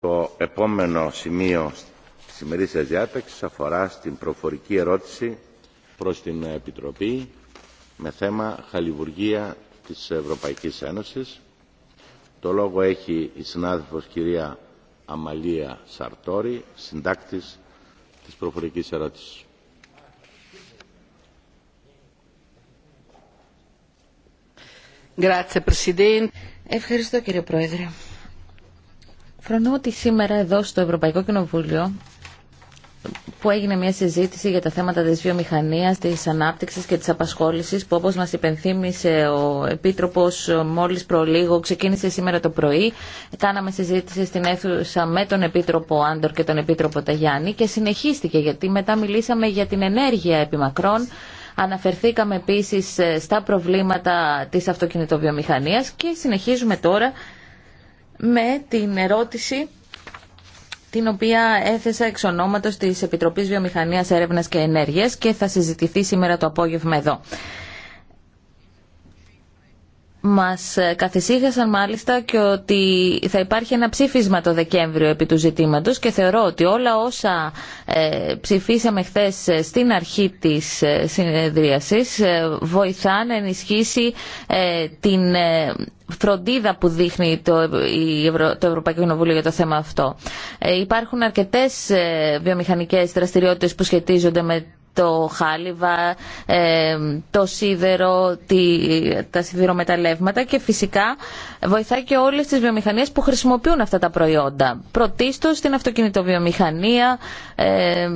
Το επόμενο σημείο της ημερήσιας διάταξης αφορά στην προφορική ερώτηση προς την Επιτροπή με θέμα χαλιβουργία της Ευρωπαϊκής Ένωσης. Το λόγο έχει η συνάδελφος κυρία Αμαλία Σαρτόρη, συντάκτης της προφορικής ερώτησης. Ευχαριστώ κύριε Πρόεδρε. Φρονώ ότι σήμερα εδώ στο Ευρωπαϊκό Κοινοβούλιο που έγινε μια συζήτηση για τα θέματα της βιομηχανίας, της ανάπτυξης και της απασχόλησης που όπως μας υπενθύμησε ο Επίτροπος μόλις προλίγο ξεκίνησε σήμερα το πρωί. Κάναμε συζήτηση στην αίθουσα με τον Επίτροπο Άντορ και τον Επίτροπο Ταγιάννη και συνεχίστηκε γιατί μετά μιλήσαμε για την ενέργεια επιμακρών Αναφερθήκαμε επίσης στα προβλήματα της αυτοκινητοβιομηχανίας και συνεχίζουμε τώρα με την ερώτηση την οποία έθεσα εξ ονόματος της Επιτροπής Βιομηχανίας Έρευνας και Ενέργειας και θα συζητηθεί σήμερα το απόγευμα εδώ. Μας καθησύχασαν μάλιστα και ότι θα υπάρχει ένα ψήφισμα το Δεκέμβριο επί του ζητήματος και θεωρώ ότι όλα όσα ε, ψηφίσαμε χθες στην αρχή της ε, συνεδρίασης ε, βοηθά να ενισχύσει ε, την φροντίδα που δείχνει το, το Ευρωπαϊκό Κοινοβούλιο για το θέμα αυτό. υπάρχουν αρκετές βιομηχανικές δραστηριότητες που σχετίζονται με το χάλιβα, ε, το σίδερο, τα σιδηρομεταλλεύματα και φυσικά βοηθάει και όλες τις βιομηχανίες που χρησιμοποιούν αυτά τα προϊόντα. Πρωτίστως στην αυτοκινητοβιομηχανία, ε,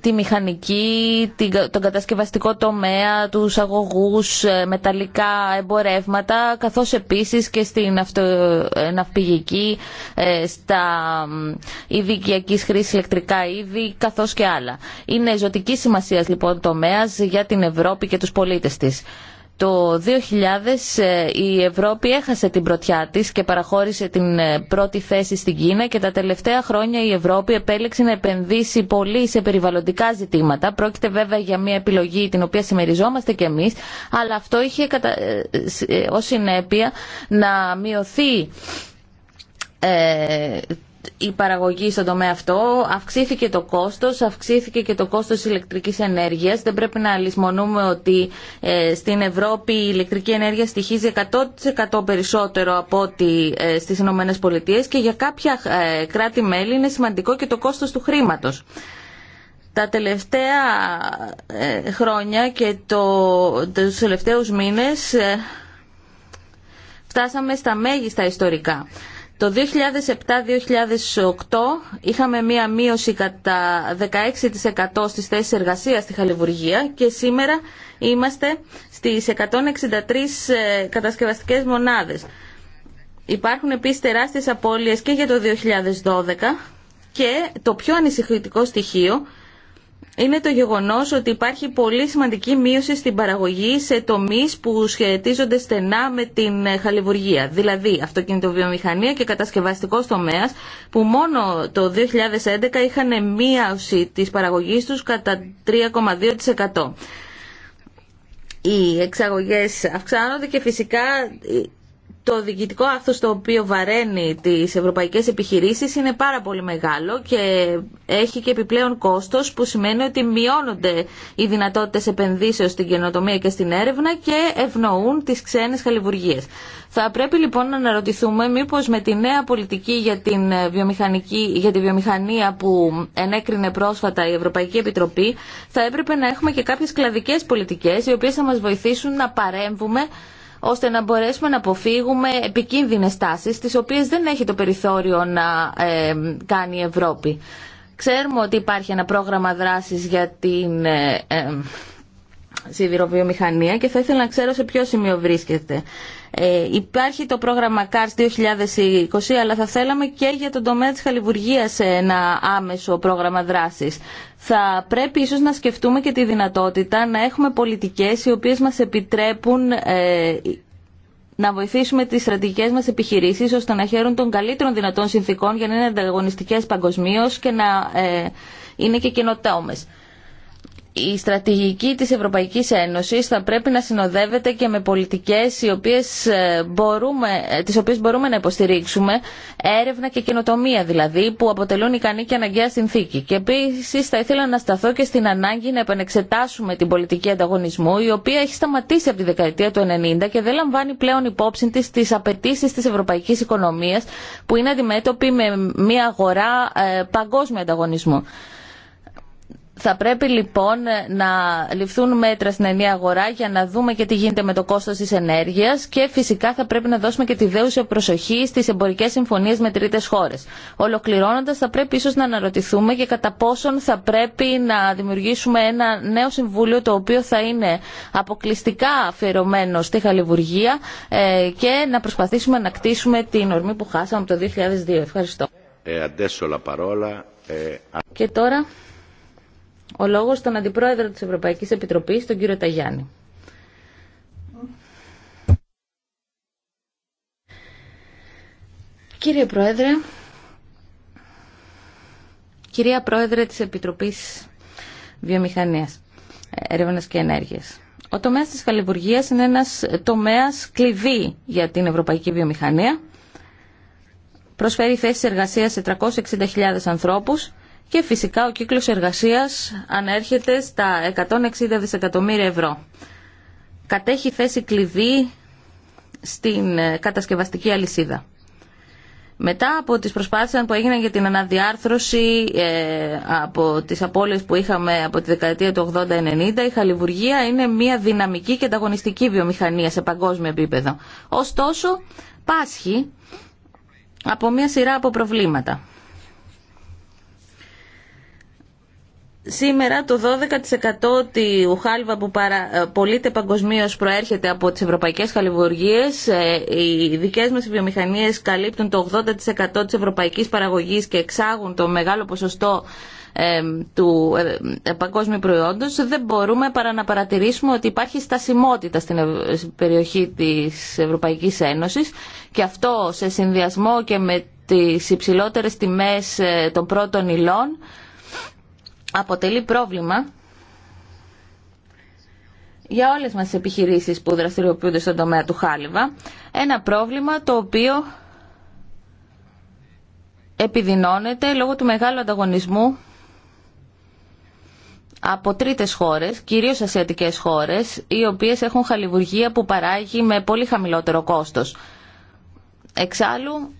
τη μηχανική, τον κατασκευαστικό τομέα, τους αγωγούς, ε, μεταλλικά εμπορεύματα, καθώς επίσης και στην αυτο, ε, ε, στα είδη χρήση ηλεκτρικά είδη, καθώς και άλλα. Είναι ζωτική σημασία λοιπόν τομέας για την Ευρώπη και τους πολίτες της. Το 2000 ε, η Ευρώπη έχασε την πρωτιά της και παραχώρησε την ε, πρώτη θέση στην Κίνα και τα τελευταία χρόνια η Ευρώπη επέλεξε να επενδύσει πολύ σε περιβαλλοντικά ζητήματα. Πρόκειται βέβαια για μια επιλογή την οποία συμμεριζόμαστε κι εμείς, αλλά αυτό είχε κατα... Ε, ως συνέπεια να μειωθεί η παραγωγή στον τομέα αυτό, αυξήθηκε το κόστος, αυξήθηκε και το κόστος ηλεκτρικής ενέργειας. Δεν πρέπει να λησμονούμε ότι ε, στην Ευρώπη η ηλεκτρική ενέργεια στοιχίζει 100% περισσότερο από ό,τι ε, στις Ηνωμένες Πολιτείες και για κάποια ε, κράτη-μέλη είναι σημαντικό και το κόστος του χρήματος. Τα τελευταία ε, χρόνια και το, τους τελευταίους μήνες φτάσαμε στα μέγιστα ιστορικά. Το 2007-2008 είχαμε μία μείωση κατά 16% στις θέσεις εργασίας στη Χαλιβουργία και σήμερα είμαστε στις 163 ε, κατασκευαστικές μονάδες. Υπάρχουν επίσης τεράστιες απώλειες και για το 2012 και το πιο ανησυχητικό στοιχείο είναι το γεγονός ότι υπάρχει πολύ σημαντική μείωση στην παραγωγή σε τομεί που σχετίζονται στενά με την ε, χαλιβουργία, δηλαδή αυτοκινητοβιομηχανία και κατασκευαστικό τομέας, που μόνο το 2011 είχαν μείωση της παραγωγής τους κατά 3,2%. Οι εξαγωγές αυξάνονται και φυσικά το διοικητικό άθος το οποίο βαραίνει τις ευρωπαϊκές επιχειρήσεις είναι πάρα πολύ μεγάλο και έχει και επιπλέον κόστος που σημαίνει ότι μειώνονται οι δυνατότητες επενδύσεως στην καινοτομία και στην έρευνα και ευνοούν τις ξένες χαλιβουργίες. Θα πρέπει λοιπόν να αναρωτηθούμε μήπως με τη νέα πολιτική για, την ε, βιομηχανική, για τη βιομηχανία που ενέκρινε πρόσφατα η Ευρωπαϊκή Επιτροπή θα έπρεπε να έχουμε και κάποιες κλαδικές πολιτικές οι οποίες θα μας βοηθήσουν να παρέμβουμε ώστε να μπορέσουμε να αποφύγουμε επικίνδυνες τάσεις τις οποίες δεν έχει το περιθώριο να ε, κάνει η Ευρώπη. Ξέρουμε ότι υπάρχει ένα πρόγραμμα δράσης για την ε, ε σιδηροβιομηχανία και θα ήθελα να ξέρω σε ποιο σημείο βρίσκεται. Ε, υπάρχει το πρόγραμμα CARS 2020, αλλά θα θέλαμε και για τον τομέα της χαλιβουργίας ένα άμεσο πρόγραμμα δράσης. Θα πρέπει ίσως να σκεφτούμε και τη δυνατότητα να έχουμε πολιτικές οι οποίες μας επιτρέπουν ε, να βοηθήσουμε τις στρατηγικές μας επιχειρήσεις ώστε να χαίρουν των καλύτερων δυνατών συνθήκων για να είναι ανταγωνιστικέ παγκοσμίω και να ε, είναι και καινοτόμε η στρατηγική της Ευρωπαϊκής Ένωσης θα πρέπει να συνοδεύεται και με πολιτικές οι οποίες ε, μπορούμε, ε, τις οποίες μπορούμε να υποστηρίξουμε, έρευνα και καινοτομία δηλαδή, που αποτελούν ικανή και αναγκαία συνθήκη. Και επίση θα ήθελα να σταθώ και στην ανάγκη να επανεξετάσουμε την πολιτική ανταγωνισμού, η οποία έχει σταματήσει από τη δεκαετία του 90 και δεν λαμβάνει πλέον υπόψη της τις απαιτήσει της ευρωπαϊκής οικονομίας, που είναι αντιμέτωπη με μια αγορά ε, παγκόσμιο ανταγωνισμού. Θα πρέπει λοιπόν να ληφθούν μέτρα στην ενιαία αγορά για να δούμε και τι γίνεται με το κόστος της ενέργειας και φυσικά θα πρέπει να δώσουμε και τη δέουσα προσοχή στις εμπορικές συμφωνίες με τρίτες χώρες. Ολοκληρώνοντας θα πρέπει ίσως να αναρωτηθούμε και κατά πόσον θα πρέπει να δημιουργήσουμε ένα νέο συμβούλιο το οποίο θα είναι αποκλειστικά αφιερωμένο στη χαλιβουργία ε, και να προσπαθήσουμε να κτίσουμε την ορμή που χάσαμε από το 2002. Ευχαριστώ. Ε, παρόλα, ε... Και τώρα ο λόγος στον Αντιπρόεδρο της Ευρωπαϊκής Επιτροπής, τον κύριο Ταγιάννη. Κύριε Πρόεδρε, κυρία Πρόεδρε της Επιτροπής Βιομηχανίας, Έρευνας και Ενέργειας. Ο τομέας της χαλιβουργίας είναι ένας τομέας κλειδί για την ευρωπαϊκή βιομηχανία. Προσφέρει θέσεις εργασίας σε 360.000 ανθρώπους και φυσικά ο κύκλος εργασίας ανέρχεται στα 160 δισεκατομμύρια ευρώ. Κατέχει θέση κλειδί στην κατασκευαστική αλυσίδα. Μετά από τις προσπάθειες που έγιναν για την αναδιάρθρωση ε, από τις απώλειες που είχαμε από τη δεκαετία του 80-90, η χαλιβουργία είναι μια δυναμική και ανταγωνιστική βιομηχανία σε παγκόσμιο επίπεδο. Ωστόσο, πάσχει από μια σειρά από προβλήματα. Σήμερα το 12% του χάλιβα που ε, πωλείται παγκοσμίω προέρχεται από τις ευρωπαϊκές χαλιβουργίε. Ε, οι δικέ μας βιομηχανίε καλύπτουν το 80% τη Ευρωπαϊκή παραγωγής και εξάγουν το μεγάλο ποσοστό ε, του παγκόσμιου προϊόντος δεν μπορούμε παρά να παρατηρήσουμε ότι υπάρχει στασιμότητα στην περιοχή της Ευρωπαϊκή Ένωση και αυτό σε συνδυασμό και με τις υψηλότερες τιμές των πρώτων υλών αποτελεί πρόβλημα για όλες μας τις επιχειρήσεις που δραστηριοποιούνται στον τομέα του Χάλιβα. Ένα πρόβλημα το οποίο επιδεινώνεται λόγω του μεγάλου ανταγωνισμού από τρίτες χώρες, κυρίως ασιατικές χώρες, οι οποίες έχουν χαλιβουργία που παράγει με πολύ χαμηλότερο κόστος. Εξάλλου,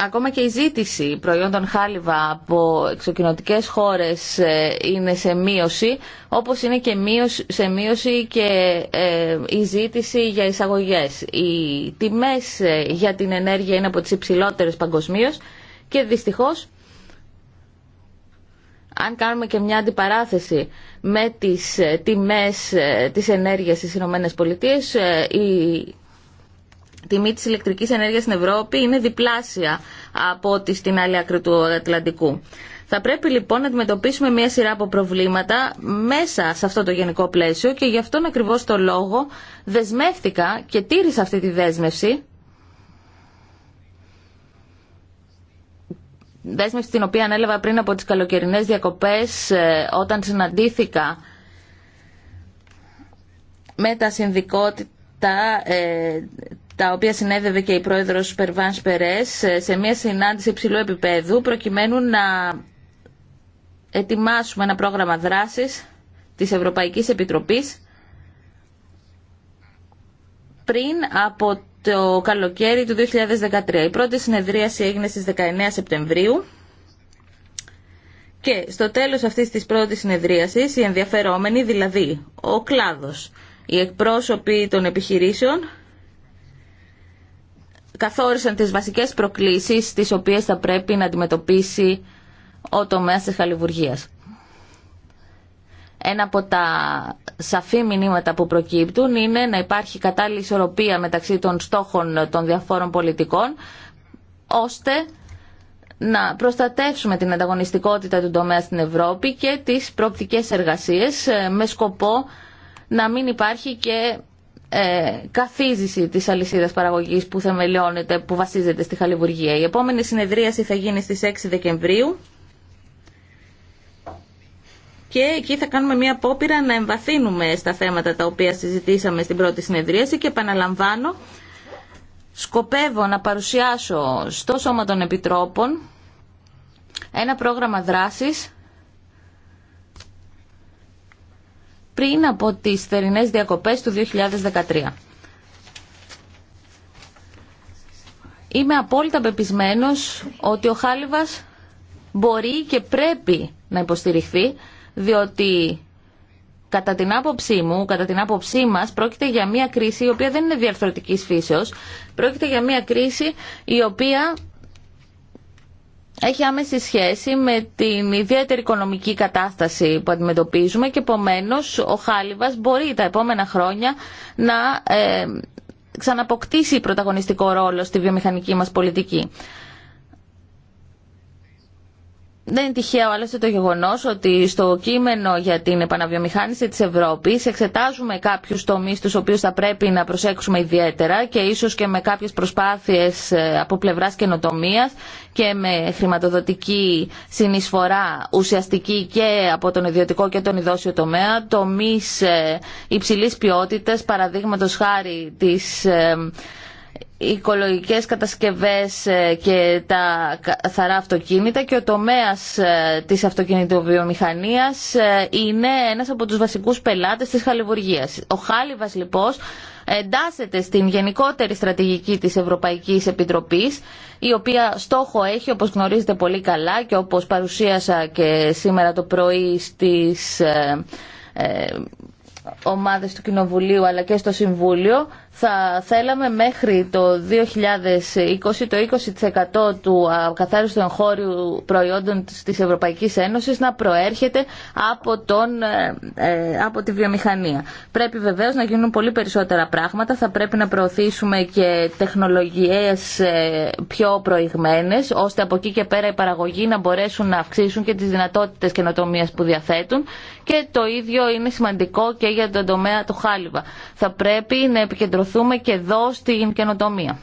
Ακόμα και η ζήτηση προϊόντων χάλιβα από εξοκοινωτικές χώρες ε, είναι σε μείωση, όπως είναι και σε μείωση και ε, η ζήτηση για εισαγωγές. Οι τιμές ε, για την ενέργεια είναι από τις υψηλότερες παγκοσμίως και δυστυχώς, αν κάνουμε και μια αντιπαράθεση με τις τιμές της ενέργειας στις Ηνωμένες Πολιτείες, τιμή της ηλεκτρικής ενέργειας στην Ευρώπη είναι διπλάσια από ό,τι στην άλλη άκρη του Ατλαντικού. Θα πρέπει λοιπόν να αντιμετωπίσουμε μια σειρά από προβλήματα μέσα σε αυτό το γενικό πλαίσιο και γι' αυτόν ακριβώς το λόγο δεσμεύτηκα και τήρησα αυτή τη δέσμευση δέσμευση την οποία ανέλαβα πριν από τις καλοκαιρινές διακοπές ε, όταν συναντήθηκα με τα συνδικότητα ε, τα οποία συνέδευε και η πρόεδρος Περβάν Περές ε, σε μια συνάντηση υψηλού επίπεδου προκειμένου να ετοιμάσουμε ένα πρόγραμμα δράσης της Ευρωπαϊκής Επιτροπής πριν από το καλοκαίρι του 2013. Η πρώτη συνεδρίαση έγινε στις 19 Σεπτεμβρίου και στο τέλος αυτής της πρώτης συνεδρίασης οι ενδιαφερόμενοι, δηλαδή ο κλάδος, οι εκπρόσωποι των επιχειρήσεων καθόρισαν τις βασικές προκλήσεις τις οποίες θα πρέπει να αντιμετωπίσει ο τομέας της χαλιβουργίας. Ένα από τα σαφή μηνύματα που προκύπτουν είναι να υπάρχει κατάλληλη ισορροπία μεταξύ των στόχων των διαφόρων πολιτικών ώστε να προστατεύσουμε την ανταγωνιστικότητα του τομέα στην Ευρώπη και τις προοπτικές εργασίες ε, με σκοπό να μην υπάρχει και ε, καθίζηση της αλυσίδας παραγωγής που θεμελιώνεται, που βασίζεται στη χαλιβουργία. Η επόμενη συνεδρίαση θα γίνει στις 6 Δεκεμβρίου και εκεί θα κάνουμε μια απόπειρα να εμβαθύνουμε στα θέματα τα οποία συζητήσαμε στην πρώτη συνεδρίαση και επαναλαμβάνω σκοπεύω να παρουσιάσω στο Σώμα των Επιτρόπων ένα πρόγραμμα δράσης πριν από τις θερινές διακοπές του 2013. Είμαι απόλυτα πεπισμένος ότι ο Χάλιβας μπορεί και πρέπει να υποστηριχθεί, διότι κατά την άποψή μου, κατά την άποψή μας, πρόκειται για μια κρίση η οποία δεν είναι διαρθρωτικής φύσεως, πρόκειται για μια κρίση η οποία έχει άμεση σχέση με την ιδιαίτερη οικονομική κατάσταση που αντιμετωπίζουμε και επομένω ο Χάλιβας μπορεί τα επόμενα χρόνια να ε, ξαναποκτήσει πρωταγωνιστικό ρόλο στη βιομηχανική μας πολιτική δεν είναι τυχαίο άλλωστε το γεγονό ότι στο κείμενο για την επαναβιομηχάνηση τη Ευρώπη εξετάζουμε κάποιου τομεί του οποίου θα πρέπει να προσέξουμε ιδιαίτερα και ίσω και με κάποιε προσπάθειε ε, από πλευρά καινοτομία και με χρηματοδοτική συνεισφορά ουσιαστική και από τον ιδιωτικό και τον ιδόσιο τομέα, τομεί ε, υψηλή ποιότητα, παραδείγματο χάρη τη ε, οι οικολογικές κατασκευές ε, και τα καθαρά αυτοκίνητα και ο τομέας ε, της αυτοκινητοβιομηχανίας ε, είναι ένας από τους βασικούς πελάτες της χαλιβουργίας. Ο χάλιβας λοιπόν εντάσσεται στην γενικότερη στρατηγική της Ευρωπαϊκής Επιτροπής η οποία στόχο έχει όπως γνωρίζετε πολύ καλά και όπως παρουσίασα και σήμερα το πρωί στις ομάδες του Κοινοβουλίου αλλά και στο Συμβούλιο θα θέλαμε μέχρι το 2020 το 20% του ακαθάριστου εγχώριου προϊόντων της Ευρωπαϊκής Ένωσης να προέρχεται από, τον, ε, ε, από τη βιομηχανία. Πρέπει βεβαίως να γίνουν πολύ περισσότερα πράγματα. Θα πρέπει να προωθήσουμε και τεχνολογίες ε, πιο προηγμένες, ώστε από εκεί και πέρα οι παραγωγοί να μπορέσουν να αυξήσουν και τις δυνατότητες καινοτομία που διαθέτουν. Και το ίδιο είναι σημαντικό και για τον τομέα του Χάλιβα. Θα πρέπει να επικεντρωθούμε θούμε και εδώ στην καινοτομία.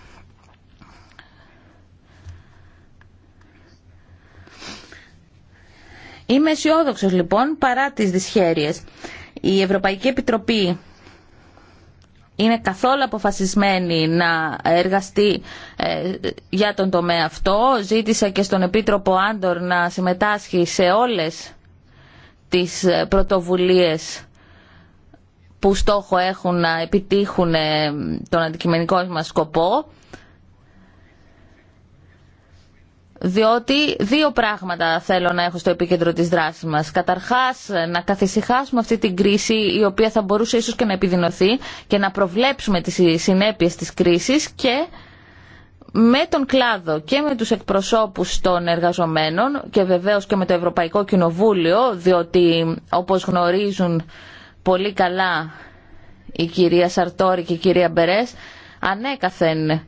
Είμαι αισιόδοξο λοιπόν παρά τις δυσχέρειες. Η Ευρωπαϊκή Επιτροπή είναι καθόλου αποφασισμένη να εργαστεί ε, για τον τομέα αυτό. Ζήτησα και στον Επίτροπο Άντορ να συμμετάσχει σε όλες τις πρωτοβουλίες που στόχο έχουν να επιτύχουν ε, τον αντικειμενικό μας σκοπό διότι δύο πράγματα θέλω να έχω στο επίκεντρο της δράσης μας. Καταρχάς, ε, να καθησυχάσουμε αυτή την κρίση η οποία θα μπορούσε ίσως και να επιδεινωθεί και να προβλέψουμε τις συνέπειες της κρίσης και με τον κλάδο και με τους εκπροσώπους των εργαζομένων και βεβαίως και με το Ευρωπαϊκό Κοινοβούλιο, διότι όπως γνωρίζουν πολύ καλά η κυρία Σαρτόρη και η κυρία Μπερές ανέκαθεν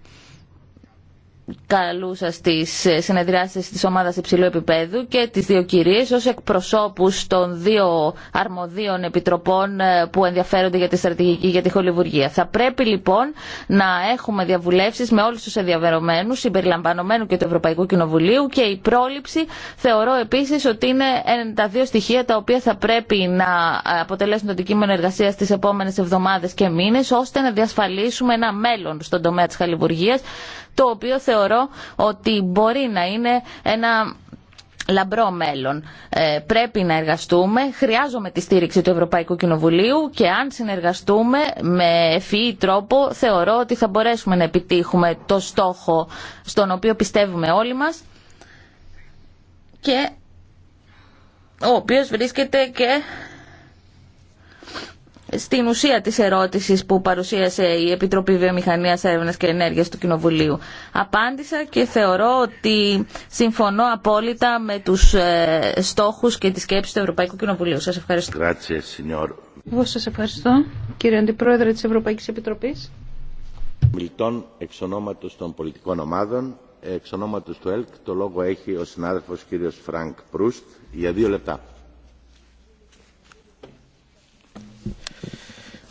καλούσα στις συνεδριάσεις της ομάδας υψηλού επίπεδου και τις δύο κυρίες ως εκπροσώπους των δύο αρμοδίων επιτροπών ε, που ενδιαφέρονται για τη στρατηγική για τη χολιβουργία. Θα πρέπει λοιπόν να έχουμε διαβουλεύσεις με όλους τους ενδιαφερομένους συμπεριλαμβανομένου και του Ευρωπαϊκού Κοινοβουλίου και η πρόληψη θεωρώ επίσης ότι είναι τα δύο στοιχεία τα οποία θα πρέπει να αποτελέσουν το αντικείμενο εργασίας τις επόμενες εβδομάδες και μήνες ώστε να διασφαλίσουμε ένα μέλλον στον τομέα της χαλιβουργίας το οποίο θεωρώ ότι μπορεί να είναι ένα λαμπρό μέλλον. Ε, πρέπει να εργαστούμε, χρειάζομαι τη στήριξη του Ευρωπαϊκού Κοινοβουλίου και αν συνεργαστούμε με ευφυή τρόπο θεωρώ ότι θα μπορέσουμε να επιτύχουμε το στόχο στον οποίο πιστεύουμε όλοι μας και ο οποίος βρίσκεται και στην ουσία της ερώτησης που παρουσίασε η Επιτροπή Βιομηχανίας Έρευνας και Ενέργειας του Κοινοβουλίου. Απάντησα και θεωρώ ότι συμφωνώ απόλυτα με τους ε, στόχους και τις σκέψεις του Ευρωπαϊκού Κοινοβουλίου. Σας ευχαριστώ. Εγώ σας ευχαριστώ, κύριε Αντιπρόεδρε της Ευρωπαϊκής Επιτροπής. Μιλτών εξ ονόματος των πολιτικών ομάδων, εξ ονόματος του ΕΛΚ, το λόγο έχει ο συνάδελφος κύριος Φρανκ για δύο λεπτά.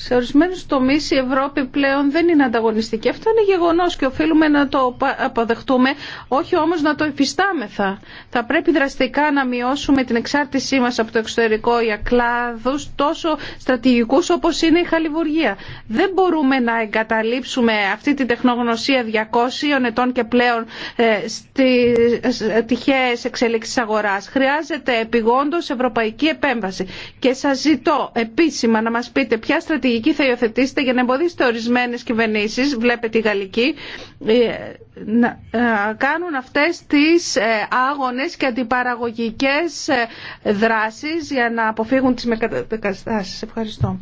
σε ορισμένους τομείς η Ευρώπη πλέον δεν είναι ανταγωνιστική. Αυτό είναι γεγονός και οφείλουμε να το αποδεχτούμε, όχι όμως να το υφιστάμεθα. Θα πρέπει δραστικά να μειώσουμε την εξάρτησή μας από το εξωτερικό για κλάδους τόσο στρατηγικούς όπως είναι η χαλιβουργία. Δεν μπορούμε να εγκαταλείψουμε αυτή τη τεχνογνωσία 200 ετών και πλέον ε, στις ε, τυχαίες εξέλιξεις αγοράς. Χρειάζεται επιγόντως ευρωπαϊκή επέμβαση. Και σας ζητώ επίσημα να μας πείτε ποια στρατηγική στρατηγική θα υιοθετήσετε για να εμποδίσετε ορισμένες κυβερνήσεις, βλέπετε η Γαλλική, ε, να ε, κάνουν αυτές τις ε, άγονε και αντιπαραγωγικέ δράσεις για να αποφύγουν τις μετακαταστάσεις. Ευχαριστώ.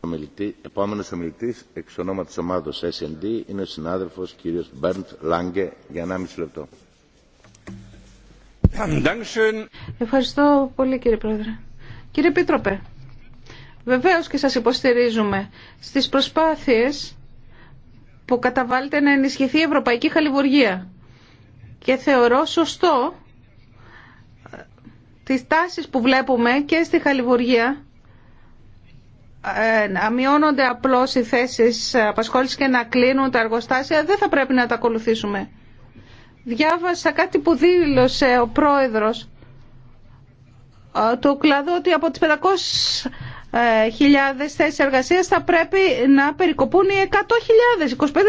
Ομιλητή, επόμενος ομιλητής εξ ονόματος ομάδος S&D είναι ο συνάδελφος κύριος Μπέρντ Λάγκε για 1,5 λεπτό. Ευχαριστώ πολύ κύριε Πρόεδρε. Κύριε Πίτροπε, Βεβαίως και σας υποστηρίζουμε στις προσπάθειες που καταβάλλεται να ενισχυθεί η Ευρωπαϊκή Χαλιβουργία. Και θεωρώ σωστό ε, τις τάσεις που βλέπουμε και στη Χαλιβουργία ε, να μειώνονται απλώς οι θέσεις απασχόλησης και να κλείνουν τα εργοστάσια, δεν θα πρέπει να τα ακολουθήσουμε. Διάβασα κάτι που δήλωσε ο πρόεδρος ε, του κλαδού ότι από τις 500 ε, χιλιάδες θέσεις εργασίας θα πρέπει να περικοπούν οι 100.000, 25%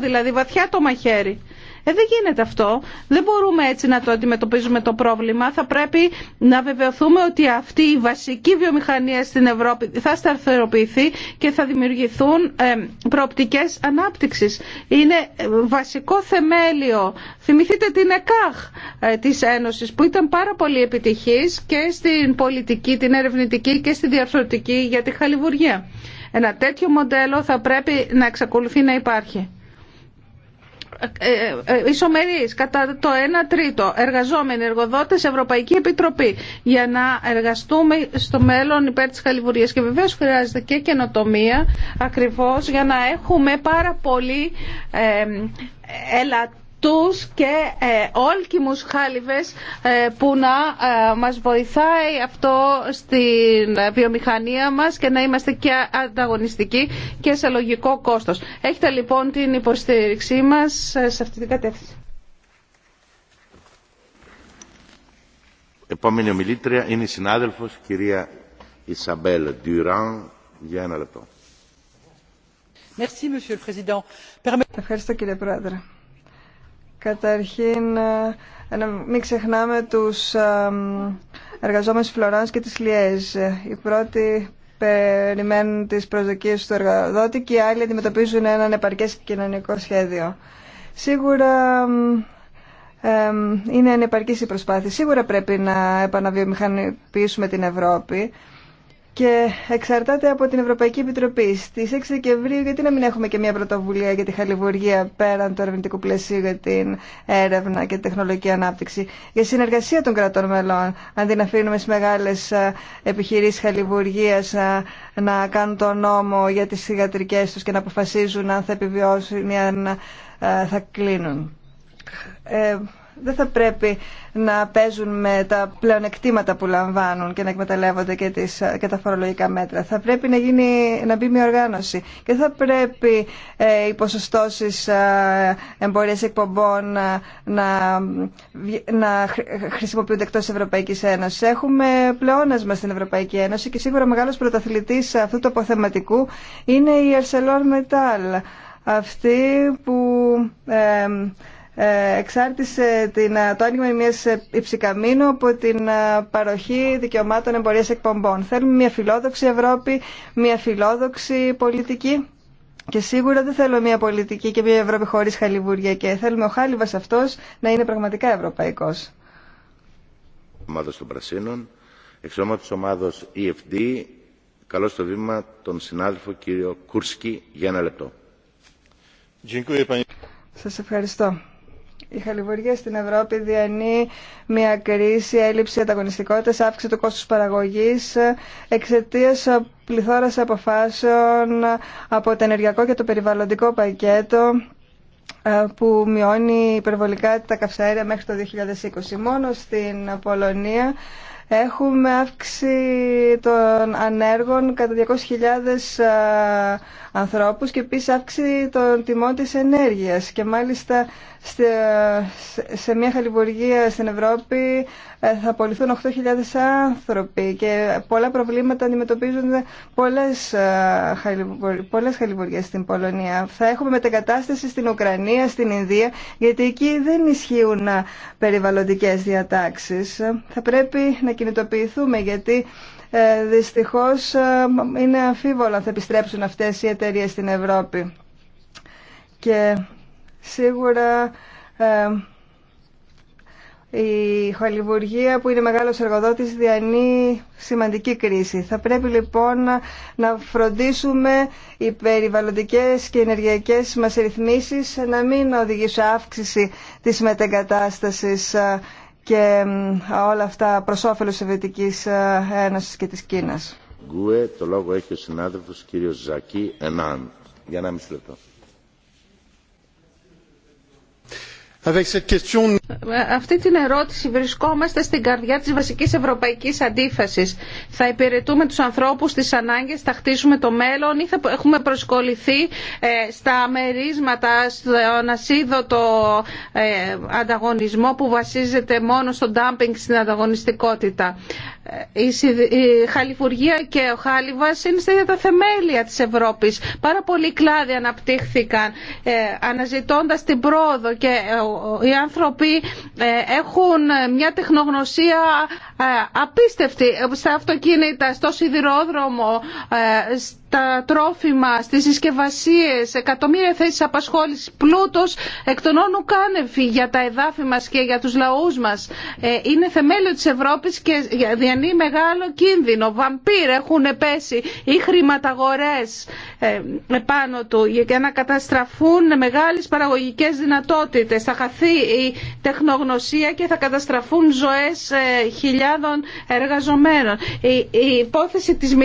δηλαδή βαθιά το μαχαίρι. Ε, δεν γίνεται αυτό. Δεν μπορούμε έτσι να το αντιμετωπίζουμε το πρόβλημα. Θα πρέπει να βεβαιωθούμε ότι αυτή η βασική βιομηχανία στην Ευρώπη θα σταθεροποιηθεί και θα δημιουργηθούν ε, προοπτικές ανάπτυξης. Είναι ε, βασικό θεμέλιο. Θυμηθείτε την ΕΚΑΧ ε, της Ένωσης που ήταν πάρα πολύ επιτυχής και στην πολιτική, την ερευνητική και στη διαρθρωτική για τη χαλιβουργία. Ένα τέτοιο μοντέλο θα πρέπει να εξακολουθεί να υπάρχει. Ε, ε, ε, ισομερείς κατά το 1 τρίτο εργαζόμενοι εργοδότες Ευρωπαϊκή Επιτροπή για να εργαστούμε στο μέλλον υπέρ της χαλιβουρίας και βεβαίως χρειάζεται και καινοτομία ακριβώς για να έχουμε πάρα πολύ ε, τους και ε, όλκιμους χάλιβες ε, που να ε, μας βοηθάει αυτό στην βιομηχανία μας και να είμαστε και ανταγωνιστικοί και σε λογικό κόστος. Έχετε λοιπόν την υποστήριξή μας σε αυτή την κατεύθυνση. Επόμενη ομιλήτρια είναι η συνάδελφος κυρία Ισαμπέλ Ντουράν για ένα λεπτό. Ευχαριστώ κύριε Πρόεδρε. Καταρχήν, ε, να μην ξεχνάμε τους ε, εργαζόμενους Φλωράνς και τις Λιέζ. Οι πρώτοι περιμένουν τις προσδοκίες του εργοδότη και οι άλλοι αντιμετωπίζουν έναν επαρκές κοινωνικό σχέδιο. Σίγουρα ε, είναι ανεπαρκής η προσπάθεια. Σίγουρα πρέπει να επαναβιομηχανοποιήσουμε την Ευρώπη και εξαρτάται από την Ευρωπαϊκή Επιτροπή. Στι 6 Δεκεμβρίου, γιατί να μην έχουμε και μια πρωτοβουλία για τη χαλιβουργία πέραν του ερευνητικού πλαισίου για την έρευνα και την τεχνολογική ανάπτυξη. Για συνεργασία των κρατών μελών, αντί να αφήνουμε στι μεγάλε επιχειρήσει χαλιβουργία ε, να κάνουν τον νόμο για τι θηγατρικέ του και να αποφασίζουν αν θα επιβιώσουν ή αν ε, θα κλείνουν. Ε, δεν θα πρέπει να παίζουν με τα πλεονεκτήματα που λαμβάνουν και να εκμεταλλεύονται και, τις, και τα φορολογικά μέτρα. Θα πρέπει να, γίνει, να μπει μια οργάνωση και θα πρέπει ε, οι ποσοστώσει ε, εμπορία εκπομπών ε, να, να, να χρησιμοποιούνται εκτός Ευρωπαϊκής Ένωσης. Έχουμε πλεόνασμα στην Ευρωπαϊκή Ένωση και σίγουρα μεγάλος πρωταθλητής αυτού του αποθεματικού είναι η Arcelor Metal αυτή που... Ε, ε, εξάρτησε την, ε, το άνοιγμα μια ε, υψηκαμίνου από την παροχή δικαιωμάτων εμπορία εκπομπών. Θέλουμε μια φιλόδοξη Ευρώπη, μια φιλόδοξη πολιτική και σίγουρα δεν θέλω μια πολιτική και μια Ευρώπη χωρί χαλιβούρια και θέλουμε ο χάλιβας αυτός να είναι πραγματικά Ευρωπαϊκό. Ομάδα των Πρασίνων, EFD, καλώ βήμα τον συνάδελφο κύριο Κούρσκι για ένα λεπτό. Σας ευχαριστώ. Η χαλιβουργία στην Ευρώπη διανύει μια κρίση, έλλειψη ανταγωνιστικότητα, αύξηση του κόστου παραγωγής εξαιτίας πληθώρα αποφάσεων από το ενεργειακό και το περιβαλλοντικό πακέτο ε, που μειώνει υπερβολικά τα καυσαέρια μέχρι το 2020. Μόνο στην Πολωνία έχουμε αύξηση των ανέργων κατά 200.000 ανθρώπους και επίσης αύξηση των τιμών της ενέργειας και μάλιστα σε μια χαλιβουργία στην Ευρώπη ε, θα απολυθούν 8.000 άνθρωποι και πολλά προβλήματα αντιμετωπίζουν πολλές, ε, πολλές χαλιβουργίες στην Πολωνία. Θα έχουμε μετεγκατάσταση στην Ουκρανία, στην Ινδία γιατί εκεί δεν ισχύουν ε, περιβαλλοντικές διατάξεις. Θα πρέπει να κινητοποιηθούμε γιατί ε, δυστυχώς ε, είναι αμφίβολα θα επιστρέψουν αυτές οι εταιρείες στην Ευρώπη. Και σίγουρα ε, η χαλιβουργία που είναι μεγάλος εργοδότης διανύει σημαντική κρίση. Θα πρέπει λοιπόν να φροντίσουμε οι περιβαλλοντικές και ενεργειακές μας ρυθμίσεις να μην οδηγήσουν αύξηση της μετεγκατάστασης και όλα αυτά προς όφελος της Σοβιετικής ε, Ένωσης και της Κίνας. Γκουε, το λόγο έχει ο συνάδελφος κύριος Ζακί Ενάν. Για ένα μισή λεπτό. αυτή την ερώτηση βρισκόμαστε στην καρδιά της βασικής ευρωπαϊκής αντίφασης. Θα υπηρετούμε τους ανθρώπους, τις ανάγκες, θα χτίσουμε το μέλλον ή θα έχουμε προσκοληθεί ε, στα μερίσματα, στον ασίδωτο ε, ανταγωνισμό που βασίζεται μόνο στο ντάμπινγκ στην ανταγωνιστικότητα. Ε, η χαλιβουργία και ο χάλιβας είναι στα τα θεμέλια της Ευρώπης. Πάρα πολλοί κλάδοι αναπτύχθηκαν ε, αναζητώντας την πρόοδο και ε, οι άνθρωποι έχουν μια τεχνογνωσία απίστευτη στα αυτοκίνητα, στο σιδηρόδρομο, τα τρόφιμα, στις συσκευασίε, εκατομμύρια θέσεις απασχόλησης, πλούτος εκ των όνου για τα εδάφη μας και για τους λαούς μας. Ε, είναι θεμέλιο της Ευρώπης και διανύει μεγάλο κίνδυνο. Βαμπύρ έχουν πέσει οι χρηματαγορές ε, επάνω του για να καταστραφούν μεγάλες παραγωγικές δυνατότητες. Θα χαθεί η τεχνογνωσία και θα καταστραφούν ζωές ε, χιλιάδων εργαζομένων. Η, υπόθεση της ε,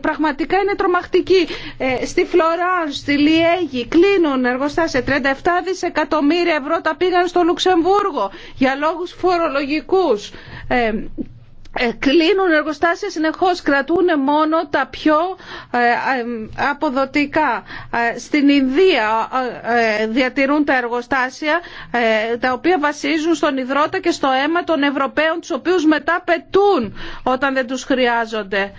πραγματικά είναι ε, στη Φλωράν, στη Λιέγη κλείνουν εργοστάσια. 37 δισεκατομμύρια ευρώ τα πήγαν στο Λουξεμβούργο για λόγους φορολογικούς. Ε, ε, κλείνουν εργοστάσια συνεχώς, κρατούν μόνο τα πιο αποδοτικά. Στην Ινδία διατηρούν τα εργοστάσια τα οποία βασίζουν στον υδρότα και στο αίμα των Ευρωπαίων τους οποίους μετά πετούν όταν δεν τους χρειάζονται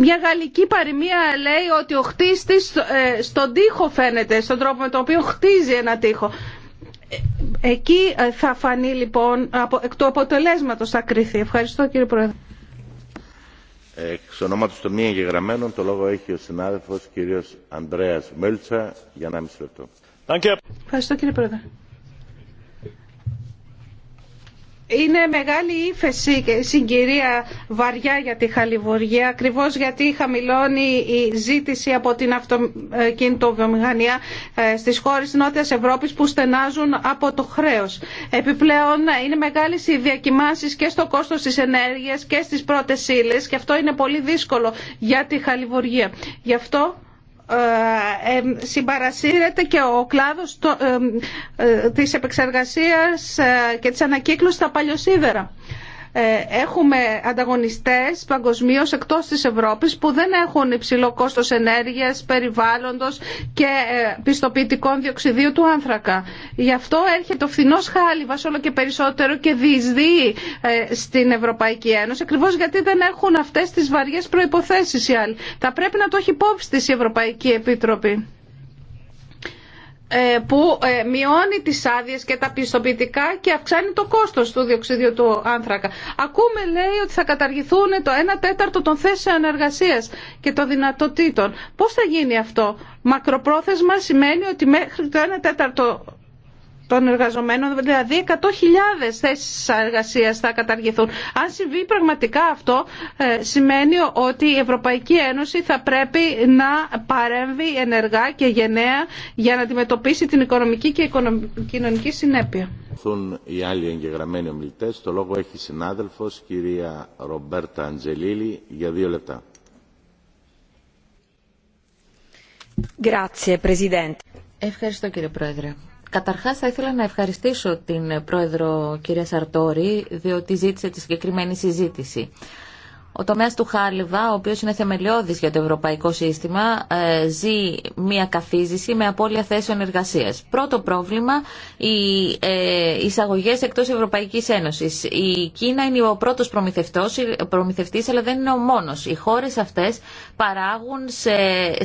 μια γαλλική παροιμία λέει ότι ο χτίστης ε, στον τοίχο φαίνεται, στον τρόπο με τον οποίο χτίζει ένα τοίχο. Ε, εκεί ε, θα φανεί λοιπόν, από, εκ του αποτελέσματος θα κρυθεί. Ευχαριστώ κύριε Πρόεδρε. Εξ ονόματο των μη εγγεγραμμένων το λόγο έχει ο συνάδελφο κύριος Ανδρέα Μέλτσα για μισό λεπτό. Ευχαριστώ κύριε Πρόεδρε. Είναι μεγάλη ύφεση και συγκυρία βαριά για τη χαλιβουργία, ακριβώ γιατί χαμηλώνει η ζήτηση από την αυτοκινητοβιομηχανία ε, στι χώρε τη Νότια Ευρώπη που στενάζουν από το χρέο. Επιπλέον, ε, είναι μεγάλε οι διακοιμάνσει και στο κόστο τη ενέργεια και στι πρώτε ύλε και αυτό είναι πολύ δύσκολο για τη χαλιβουργία. Γι' αυτό ε, ε, συμπαρασύρεται και ο κλάδος ε, της επεξεργασίας και της ανακύκλωσης στα παλιοσίδερα. Ε, έχουμε ανταγωνιστές παγκοσμίω εκτός της Ευρώπης που δεν έχουν υψηλό κόστος ενέργειας, περιβάλλοντος και ε, πιστοποιητικών διοξιδίου του άνθρακα. Γι' αυτό έρχεται ο φθηνός χάλιβας όλο και περισσότερο και διεισδύει ε, στην Ευρωπαϊκή Ένωση ακριβώς γιατί δεν έχουν αυτές τις βαριές προϋποθέσεις οι άλλοι. Θα πρέπει να το έχει υπόψη της η Ευρωπαϊκή Επίτροπη. Ε, που ε, μειώνει τις άδειε και τα πιστοποιητικά και αυξάνει το κόστος του διοξίδιου του άνθρακα. Ακούμε λέει ότι θα καταργηθούν το 1 τέταρτο των θέσεων εργασίας και των δυνατοτήτων. Πώς θα γίνει αυτό. Μακροπρόθεσμα σημαίνει ότι μέχρι το 1 τέταρτο των εργαζομένων, δηλαδή 100.000 θέσει εργασία θα καταργηθούν. Αν συμβεί πραγματικά αυτό, ε, σημαίνει ότι η Ευρωπαϊκή Ένωση θα πρέπει να παρέμβει ενεργά και γενναία για να αντιμετωπίσει την οικονομική και κοινωνική συνέπεια. Οι άλλοι εγγεγραμμένοι το λόγο έχει Ευχαριστώ κύριε Πρόεδρε. Καταρχάς θα ήθελα να ευχαριστήσω την Πρόεδρο κυρία Σαρτόρη διότι ζήτησε τη συγκεκριμένη συζήτηση. Ο τομέας του Χάλιβα, ο οποίος είναι θεμελιώδης για το ευρωπαϊκό σύστημα, ε, ζει μια καθίζηση με απώλεια θέσεων εργασίας. Πρώτο πρόβλημα, οι ε, εισαγωγές εκτός Ευρωπαϊκής Ένωσης. Η Κίνα είναι ο πρώτος ε, προμηθευτής, αλλά δεν είναι ο μόνος. Οι χώρες αυτές παράγουν σε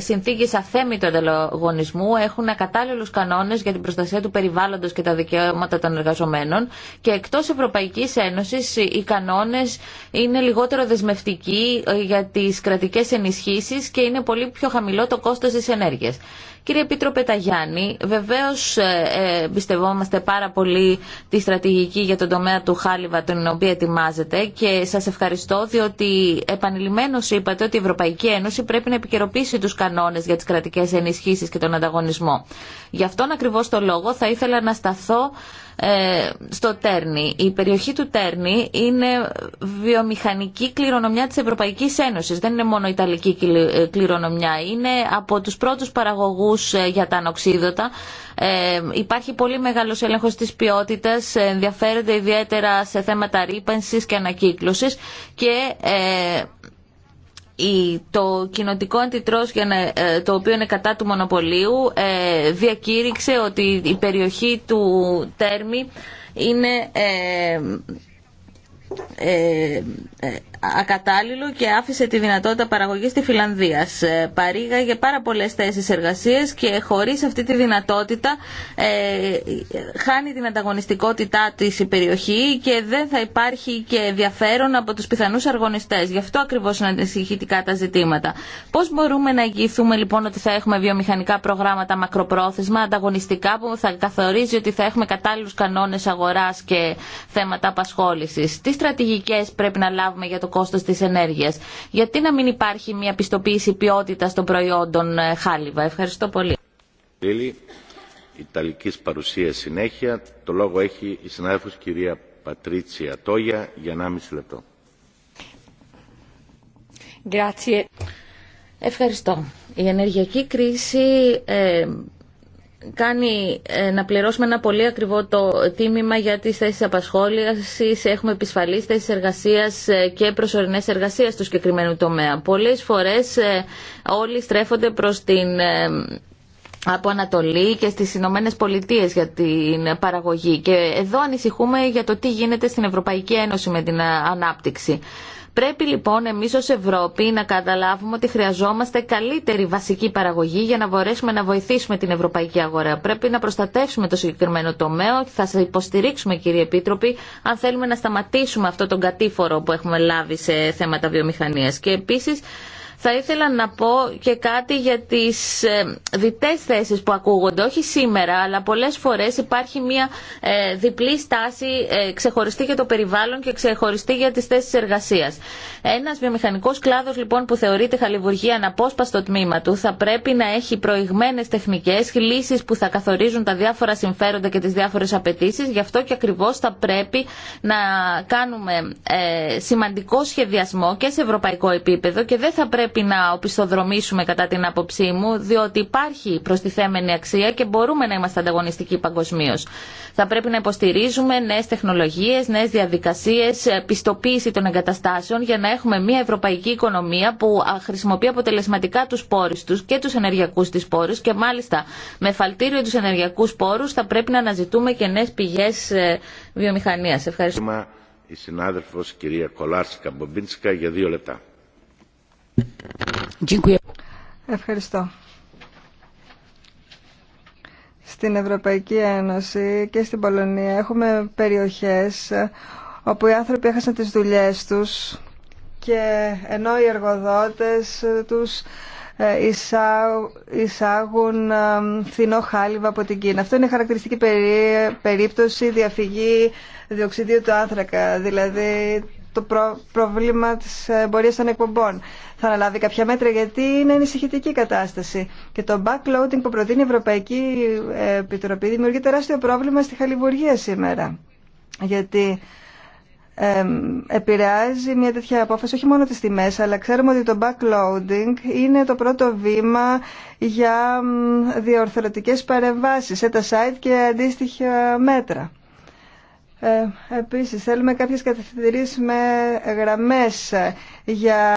συνθήκες του ανταγωνισμού, έχουν ακατάλληλους κανόνες για την προστασία του περιβάλλοντος και τα δικαιώματα των εργαζομένων και εκτός Ευρωπαϊκής Ένωσης οι κανόνες είναι λιγότερο δεσμευτικοί ε, για τι κρατικέ ενισχύσεις και είναι πολύ πιο χαμηλό το κόστος της ενέργειας. Κύριε Επίτροπε Ταγιάννη, βεβαίω ε, ε, εμπιστευόμαστε πάρα πολύ τη στρατηγική για τον τομέα του Χάλιβα, τον οποίο ετοιμάζετε και σας ευχαριστώ διότι επανειλημμένω είπατε ότι η Ευρωπαϊκή Ένωση πρέπει να επικαιροποιήσει του κανόνε για τι κρατικέ ενισχύσει και τον ανταγωνισμό. Γι' αυτόν ακριβώ το λόγο θα ήθελα να σταθώ ε, στο Τέρνη. Η περιοχή του Τέρνη είναι βιομηχανική κληρονομιά της Ευρωπαϊκής Ένωσης. Δεν είναι μόνο ιταλική ε, κληρονομιά. Είναι από τους πρώτους παραγωγούς ε, για τα ανοξίδωτα. Ε, υπάρχει πολύ μεγάλος έλεγχος της ποιότητας, ενδιαφέρονται ιδιαίτερα σε θέματα ρήπανσης και ανακύκλωσης και ε, το κοινοτικό αντιτρός ε, το οποίο είναι κατά του μονοπωλίου ε, διακήρυξε ότι η περιοχή του Τέρμη είναι ε, ε, ε, ακατάλληλο και άφησε τη δυνατότητα παραγωγής στη Φιλανδία. Παρήγαγε πάρα πολλές θέσεις εργασίες και χωρίς αυτή τη δυνατότητα ε, χάνει την ανταγωνιστικότητά της η περιοχή και δεν θα υπάρχει και ενδιαφέρον από τους πιθανούς αργωνιστές. Γι' αυτό ακριβώς είναι ανησυχητικά τα ζητήματα. Πώς μπορούμε να εγγυηθούμε λοιπόν ότι θα έχουμε βιομηχανικά προγράμματα μακροπρόθεσμα, ανταγωνιστικά που θα καθορίζει ότι θα έχουμε κατάλληλους κανόνες αγοράς και θέματα απασχόλησης στρατηγικές πρέπει να λάβουμε για το κόστος τη ενέργεια. Γιατί να μην υπάρχει μια πιστοποίηση ποιότητας των προϊόντων ε, χάλιβα. Ευχαριστώ πολύ. Λίλη, Ιταλικής παρουσίας συνέχεια. Το λόγο έχει η συνάδελφο κυρία Πατρίτσια Τόγια για 1,5 λεπτό. Grazie. Ευχαριστώ. Η ενεργειακή κρίση ε, κάνει ε, να πληρώσουμε ένα πολύ ακριβό το τίμημα για τις θέσεις απασχόλησης, έχουμε επισφαλείς θέσεις εργασίας ε, και προσωρινές εργασίες του συγκεκριμένου τομέα. Πολλές φορές ε, όλοι στρέφονται προς την από Ανατολή και στις Ηνωμένε Πολιτείες για την παραγωγή. Και εδώ ανησυχούμε για το τι γίνεται στην Ευρωπαϊκή Ένωση με την ανάπτυξη. Πρέπει λοιπόν εμείς ως Ευρώπη να καταλάβουμε ότι χρειαζόμαστε καλύτερη βασική παραγωγή για να μπορέσουμε να βοηθήσουμε την ευρωπαϊκή αγορά. Πρέπει να προστατεύσουμε το συγκεκριμένο τομέα. Θα σας υποστηρίξουμε κύριε Επίτροπη αν θέλουμε να σταματήσουμε αυτό τον κατήφορο που έχουμε λάβει σε θέματα βιομηχανίας. Και επίσης θα ήθελα να πω και κάτι για τις ε, διτές θέσεις που ακούγονται. Όχι σήμερα, αλλά πολλές φορές υπάρχει μια ε, διπλή στάση ε, ξεχωριστή για το περιβάλλον και ξεχωριστή για τις θέσεις εργασίας. Ένας βιομηχανικός κλάδος λοιπόν που θεωρείται χαλιβουργία αναπόσπαστο τμήμα του θα πρέπει να έχει προηγμένες τεχνικές, λύσεις που θα καθορίζουν τα διάφορα συμφέροντα και τις διάφορες απαιτήσει. Γι' αυτό και ακριβώς θα πρέπει να κάνουμε σημαντικό σχεδιασμό και σε ευρωπαϊκό επίπεδο και δεν θα πρέπει πρέπει να οπισθοδρομήσουμε κατά την άποψή μου, διότι υπάρχει προστιθέμενη αξία και μπορούμε να είμαστε ανταγωνιστικοί παγκοσμίω. Θα πρέπει να υποστηρίζουμε νέε τεχνολογίε, νέε διαδικασίε, ε, πιστοποίηση των εγκαταστάσεων για να έχουμε μια ευρωπαϊκή οικονομία που χρησιμοποιεί αποτελεσματικά του πόρου του και του ενεργειακού τη πόρου και μάλιστα με φαλτήριο του ενεργειακού πόρου θα πρέπει να αναζητούμε και νέε πηγέ ε, βιομηχανία. Ευχαριστώ. Η συνάδελφος κυρία για δύο λεπτά. Ευχαριστώ. Στην Ευρωπαϊκή Ένωση και στην Πολωνία έχουμε περιοχές όπου οι άνθρωποι έχασαν τις δουλειές τους και ενώ οι εργοδότες τους ε, εισάγουν ε, φθηνό χάλιβα από την Κίνα. Αυτό είναι χαρακτηριστική περίπτωση διαφυγή διοξιδίου του άνθρακα, δηλαδή το πρόβλημα της εμπορίας των εκπομπών θα αναλάβει κάποια μέτρα γιατί είναι ανησυχητική η κατάσταση. Και το backloading που προτείνει η Ευρωπαϊκή ε, Επιτροπή δημιουργεί τεράστιο πρόβλημα στη χαλιβουργία σήμερα. Γιατί επηρεάζει μια τέτοια απόφαση όχι μόνο τις τιμές αλλά ξέρουμε ότι το backloading είναι το πρώτο βήμα για διορθωτικές παρεμβάσεις σε τα site και αντίστοιχα μέτρα. Ε, επίσης, θέλουμε κάποιες καθυστερήσεις με γραμμές για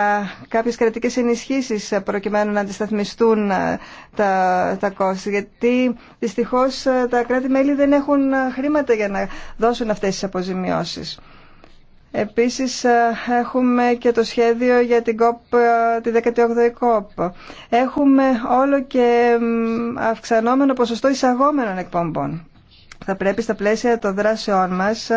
κάποιες κρατικές ενισχύσεις προκειμένου να αντισταθμιστούν ε, τα, τα κόστη. Γιατί δυστυχώς ε, τα κράτη-μέλη δεν έχουν ε, χρήματα για να δώσουν αυτές τις αποζημιώσεις. Επίσης έχουμε και το σχέδιο για την COP, τη 18η ΚΟΠ. Έχουμε όλο και αυξανόμενο ποσοστό εισαγόμενων εκπομπών. Θα πρέπει στα πλαίσια των δράσεών μας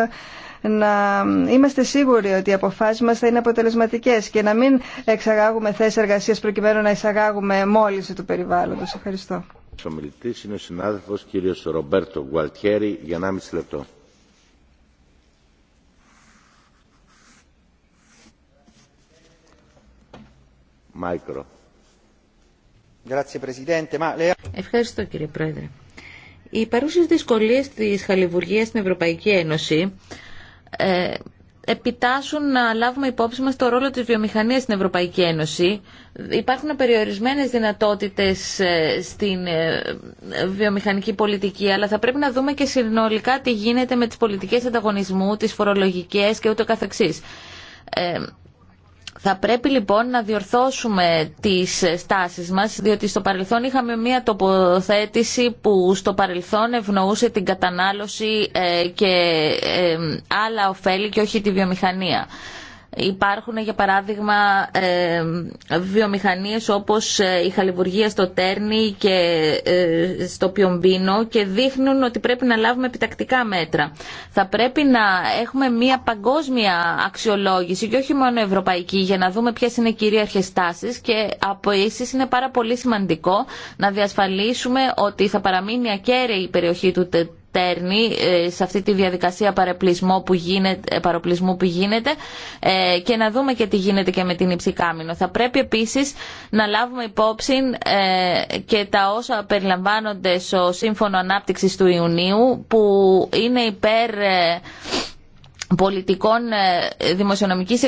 να είμαστε σίγουροι ότι οι αποφάσεις μας θα είναι αποτελεσματικές και να μην εξαγάγουμε θέσεις εργασίας προκειμένου να εισαγάγουμε μόλυνση του περιβάλλοντος. Ευχαριστώ. Ο μιλητής είναι ο συνάδελφος κύριος Ρομπέρτο Γουαλτιέρη για λεπτό. Μάικρο. Ευχαριστώ κύριε Πρόεδρε. Οι παρούσες δυσκολίες της χαλιβουργίας στην Ευρωπαϊκή Ένωση ε, επιτάσσουν να λάβουμε υπόψη μας το ρόλο της βιομηχανίας στην Ευρωπαϊκή Ένωση. Υπάρχουν περιορισμένες δυνατότητες ε, στην ε, βιομηχανική πολιτική, αλλά θα πρέπει να δούμε και συνολικά τι γίνεται με τις πολιτικές ανταγωνισμού, τις φορολογικές και ούτω καθεξής. Ε, θα πρέπει λοιπόν να διορθώσουμε τις στάσεις μας, διότι στο παρελθόν είχαμε μία τοποθέτηση που στο παρελθόν ευνοούσε την κατανάλωση ε, και ε, άλλα ωφέλη και όχι τη βιομηχανία. Υπάρχουν, για παράδειγμα, ε, βιομηχανίες όπως ε, η χαλιβουργία στο Τέρνη και ε, στο Πιομπίνο και δείχνουν ότι πρέπει να λάβουμε επιτακτικά μέτρα. Θα πρέπει να έχουμε μια παγκόσμια αξιολόγηση και όχι μόνο ευρωπαϊκή για να δούμε ποιες είναι οι κυρίαρχες τάσεις και από εσείς είναι πάρα πολύ σημαντικό να διασφαλίσουμε ότι θα παραμείνει ακέραιη η περιοχή του ε, σε αυτή τη διαδικασία παροπλισμού που γίνεται, που ε, γίνεται και να δούμε και τι γίνεται και με την Υψικάμινο. Θα πρέπει επίσης να λάβουμε υπόψη ε, και τα όσα περιλαμβάνονται στο Σύμφωνο Ανάπτυξης του Ιουνίου που είναι υπέρ πολιτικών ε, δημοσιονομικής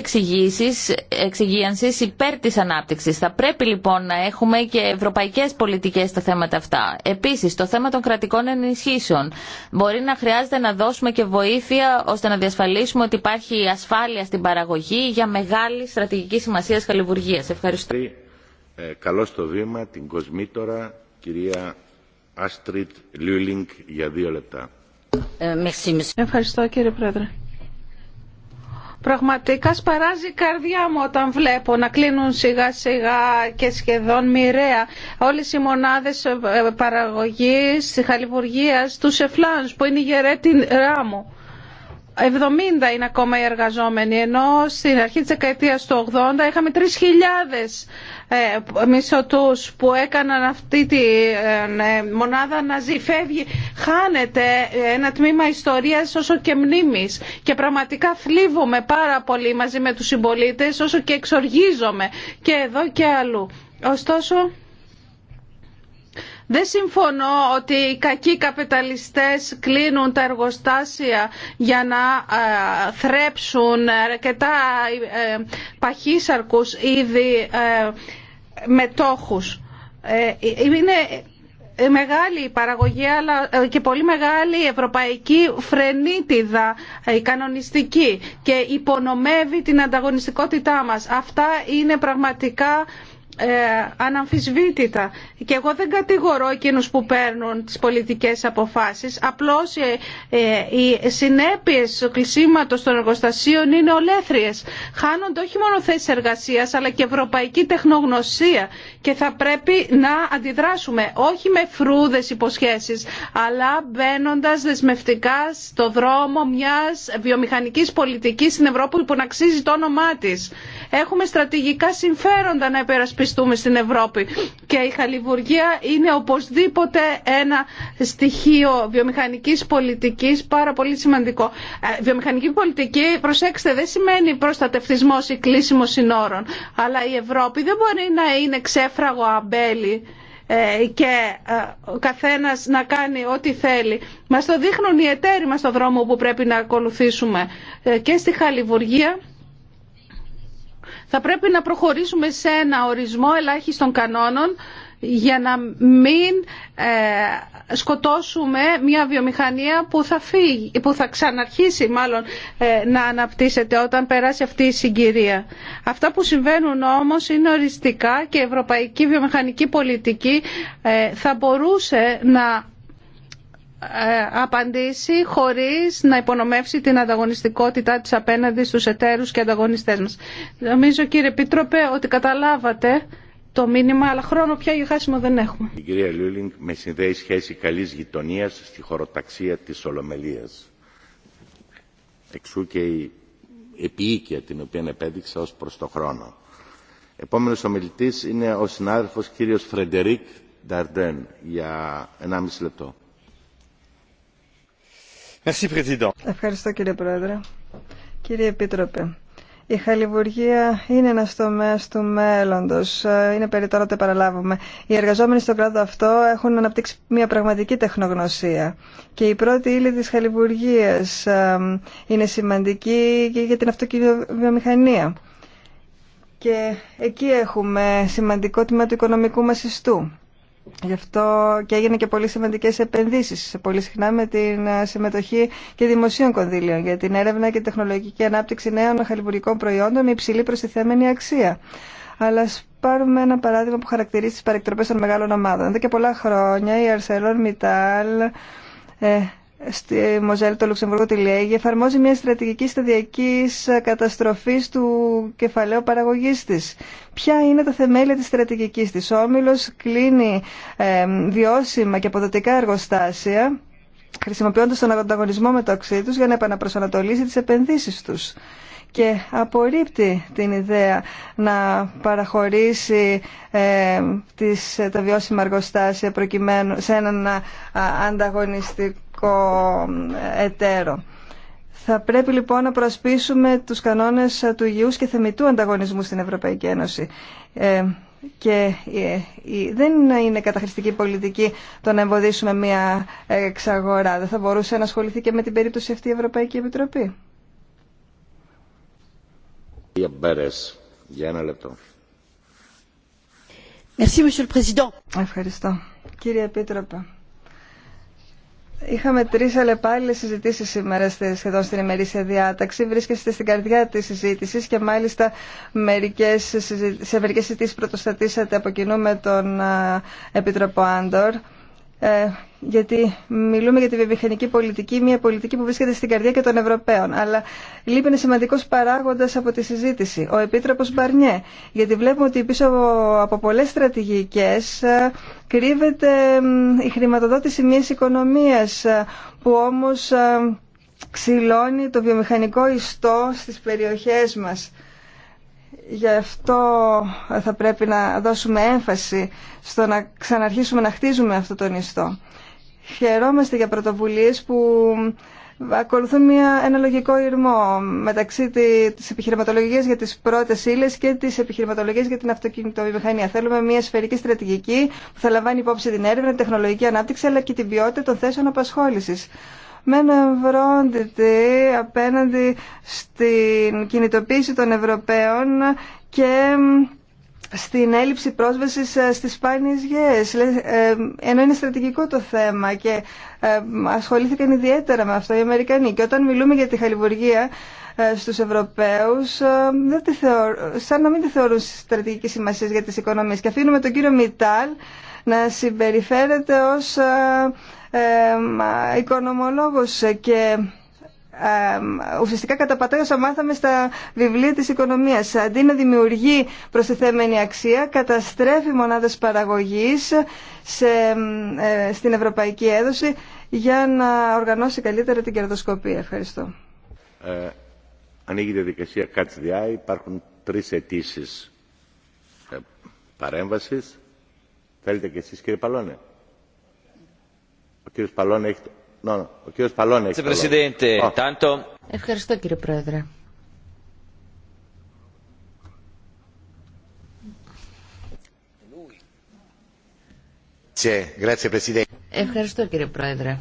εξηγίανσης υπέρ της ανάπτυξης. Θα πρέπει λοιπόν να έχουμε και ευρωπαϊκές πολιτικές στα θέματα αυτά. Επίσης, το θέμα των κρατικών ενισχύσεων. Μπορεί να χρειάζεται να δώσουμε και βοήθεια ώστε να διασφαλίσουμε ότι υπάρχει ασφάλεια στην παραγωγή για μεγάλη στρατηγική σημασία χαλιβουργία. Ευχαριστώ. Ε, στο βήμα την κυρία για δύο ε, Ευχαριστώ κύριε Πρόεδρε. Πραγματικά σπαράζει η καρδιά μου όταν βλέπω να κλείνουν σιγά σιγά και σχεδόν μοιραία όλες οι μονάδες ε, ε, παραγωγής της χαλιβουργίας του Σεφλάνς που είναι η γερέτη ράμου. 70 είναι ακόμα οι εργαζόμενοι, ενώ στην αρχή της δεκαετίας του 80 είχαμε 3.000 ε, μισοτού που έκαναν αυτή τη ε, ε, μονάδα να ζει, φεύγει, χάνεται ένα τμήμα ιστορίας όσο και μνήμης και πραγματικά θλίβομαι πάρα πολύ μαζί με τους συμπολίτε, όσο και εξοργίζομαι και εδώ και αλλού. Ωστόσο δεν συμφωνώ ότι οι κακοί καπιταλιστές κλείνουν τα εργοστάσια για να ε, θρέψουν αρκετά ε, παχύσαρκους ήδη ε, μετόχους. Είναι μεγάλη η παραγωγή αλλά και πολύ μεγάλη η ευρωπαϊκή φρενίτιδα η κανονιστική και υπονομεύει την ανταγωνιστικότητά μας. Αυτά είναι πραγματικά ε, αναμφισβήτητα. Και εγώ δεν κατηγορώ εκείνους που παίρνουν τις πολιτικές αποφάσεις. Απλώς ε, ε, οι συνέπειες του κλεισίματος των εργοστασίων είναι ολέθριες. Χάνονται όχι μόνο θέσεις εργασίας αλλά και ευρωπαϊκή τεχνογνωσία και θα πρέπει να αντιδράσουμε όχι με φρούδες υποσχέσεις αλλά μπαίνοντα δεσμευτικά στο δρόμο μιας βιομηχανικής πολιτικής στην Ευρώπη που να αξίζει το όνομά της. Έχουμε στρατηγικά συμφέροντα να υπερασπιστούμε πιστούμε στην Ευρώπη. Και η χαλιβουργία είναι οπωσδήποτε ένα στοιχείο βιομηχανικής πολιτικής πάρα πολύ σημαντικό. Ε, βιομηχανική πολιτική, προσέξτε, δεν σημαίνει προστατευτισμός ή κλείσιμο συνόρων. Αλλά η Ευρώπη δεν μπορεί να είναι ξέφραγο αμπέλι ε, και ε, ο καθένας να κάνει ό,τι θέλει. Μας το δείχνουν οι εταίροι μα το δρόμο που πρέπει να ακολουθήσουμε και στη Χαλιβουργία θα πρέπει να προχωρήσουμε σε ένα ορισμό ελάχιστων κανόνων για να μην ε, σκοτώσουμε μια βιομηχανία που θα, φύγει, που θα ξαναρχίσει μάλλον ε, να αναπτύσσεται όταν περάσει αυτή η συγκυρία. Αυτά που συμβαίνουν όμως είναι οριστικά και η ευρωπαϊκή βιομηχανική πολιτική ε, θα μπορούσε να ε, απαντήσει χωρίς να υπονομεύσει την ανταγωνιστικότητά της απέναντι στους εταίρους και ανταγωνιστές μας. Νομίζω κύριε Επίτροπε ότι καταλάβατε το μήνυμα, αλλά χρόνο πια για χάσιμο δεν έχουμε. Η κυρία Λούλινγκ με συνδέει σχέση καλής γειτονίας στη χωροταξία της Ολομελίας. Εξού και η επίοικια την οποία επέδειξα ως προς το χρόνο. Επόμενος ομιλητής είναι ο συνάδελφος κύριος Φρεντερίκ Νταρντέν για 1,5 λεπτό. Ευχαριστώ κύριε Πρόεδρε. Κύριε Επίτροπε, η χαλιβουργία είναι ένα τομέα του μέλλοντο. Είναι περί τώρα παραλάβουμε. Οι εργαζόμενοι στον κράτο αυτό έχουν αναπτύξει μια πραγματική τεχνογνωσία. Και η πρώτη ύλη τη χαλιβουργία είναι σημαντική και για την αυτοκινητοβιομηχανία. Και εκεί έχουμε σημαντικό τμήμα του οικονομικού μα ιστού. Γι' αυτό και έγιναν και πολύ σημαντικέ επενδύσει, πολύ συχνά με την ε, συμμετοχή και δημοσίων κονδύλιων για την έρευνα και τεχνολογική ανάπτυξη νέων χαλιβουργικών προϊόντων με υψηλή προστιθέμενη αξία. Αλλά α πάρουμε ένα παράδειγμα που χαρακτηρίζει τι παρεκτροπέ των μεγάλων ομάδων. Εδώ και πολλά χρόνια η ArcelorMittal ε, στη Μοζέλη, το Λουξεμβούργο, τη Λιέγη, εφαρμόζει μια στρατηγική σταδιακή καταστροφή του κεφαλαίου παραγωγή τη. Ποια είναι τα θεμέλια τη στρατηγική τη. Ο Όμιλο κλείνει ε, βιώσιμα και αποδοτικά εργοστάσια, χρησιμοποιώντα τον ανταγωνισμό μεταξύ του για να επαναπροσανατολίσει τι επενδύσει του και απορρίπτει την ιδέα να παραχωρήσει ε, τις, τα βιώσιμα εργοστάσια προκειμένου σε έναν ανταγωνιστικό κο εταίρο. Θα πρέπει λοιπόν να προσπίσουμε τους κανόνες ε, του υγιούς και θεμητού ανταγωνισμού στην Ευρωπαϊκή Ένωση. Ε, και ε, δεν είναι καταχρηστική πολιτική το να εμποδίσουμε μια εξαγορά. Δεν θα μπορούσε να ασχοληθεί και με την περίπτωση αυτή η Ευρωπαϊκή Επιτροπή. Για ένα λεπτό. Merci, Ευχαριστώ. Κύριε Επίτροπε, Είχαμε τρει αλλεπάλληλε συζητήσει σήμερα σχεδόν στην ημερήσια διάταξη. Βρίσκεστε στην καρδιά τη συζήτηση και μάλιστα μερικές, σε μερικέ συζητήσει πρωτοστατήσατε από κοινού με τον Επίτροπο Άντορ. Ε, γιατί μιλούμε για τη βιομηχανική πολιτική, μια πολιτική που βρίσκεται στην καρδιά και των Ευρωπαίων. Αλλά λείπει ένα σημαντικό παράγοντα από τη συζήτηση, ο Επίτροπο Μπαρνιέ. Γιατί βλέπουμε ότι πίσω από πολλέ στρατηγικέ ε, κρύβεται η χρηματοδότηση μια οικονομία ε, που όμω ξυλώνει το βιομηχανικό ιστό στι περιοχέ μα. Γι' αυτό θα πρέπει να δώσουμε έμφαση στο να ξαναρχίσουμε να χτίζουμε αυτό το νηστό. Χαιρόμαστε για πρωτοβουλίες που ακολουθούν μια, ένα λογικό ήρμο μεταξύ της επιχειρηματολογίας για τις πρώτες ύλε και της επιχειρηματολογίας για την αυτοκινητοβιομηχανία. Θέλουμε μια σφαιρική στρατηγική που θα λαμβάνει υπόψη την έρευνα, την τεχνολογική ανάπτυξη αλλά και την ποιότητα των θέσεων απασχόλησης με εμβρόντιτη απέναντι στην κινητοποίηση των Ευρωπαίων και στην έλλειψη πρόσβασης ε, στις σπάνιες γέες, ε, ενώ είναι στρατηγικό το θέμα και ε, ασχολήθηκαν ιδιαίτερα με αυτό οι Αμερικανοί. Και όταν μιλούμε για τη χαλιβουργία στους Ευρωπαίους, δεν τη σαν να μην τη θεωρούν στρατηγική σημασία για τις οικονομίες. Και αφήνουμε τον κύριο Μιτάλ να συμπεριφέρεται ως ε, ε, οικονομολόγος και ε, ουσιαστικά καταπατάει όσα μάθαμε στα βιβλία της οικονομίας. Αντί να δημιουργεί προσθεθέμενη αξία, καταστρέφει μονάδες παραγωγής σε, στην Ευρωπαϊκή Έδωση για να οργανώσει καλύτερα την κερδοσκοπία. Ευχαριστώ. Ε, ανοίγει η διαδικασία ΚΑΤΣΔΙΑ. Υπάρχουν τρεις αιτήσει ε, Θέλετε και εσείς κύριε Παλώνε. Ο κύριος Παλώνε έχει... No, Ο κύριος Παλώνε έχει... Ευχαριστώ κύριε Πρόεδρε. Ευχαριστώ κύριε Πρόεδρε.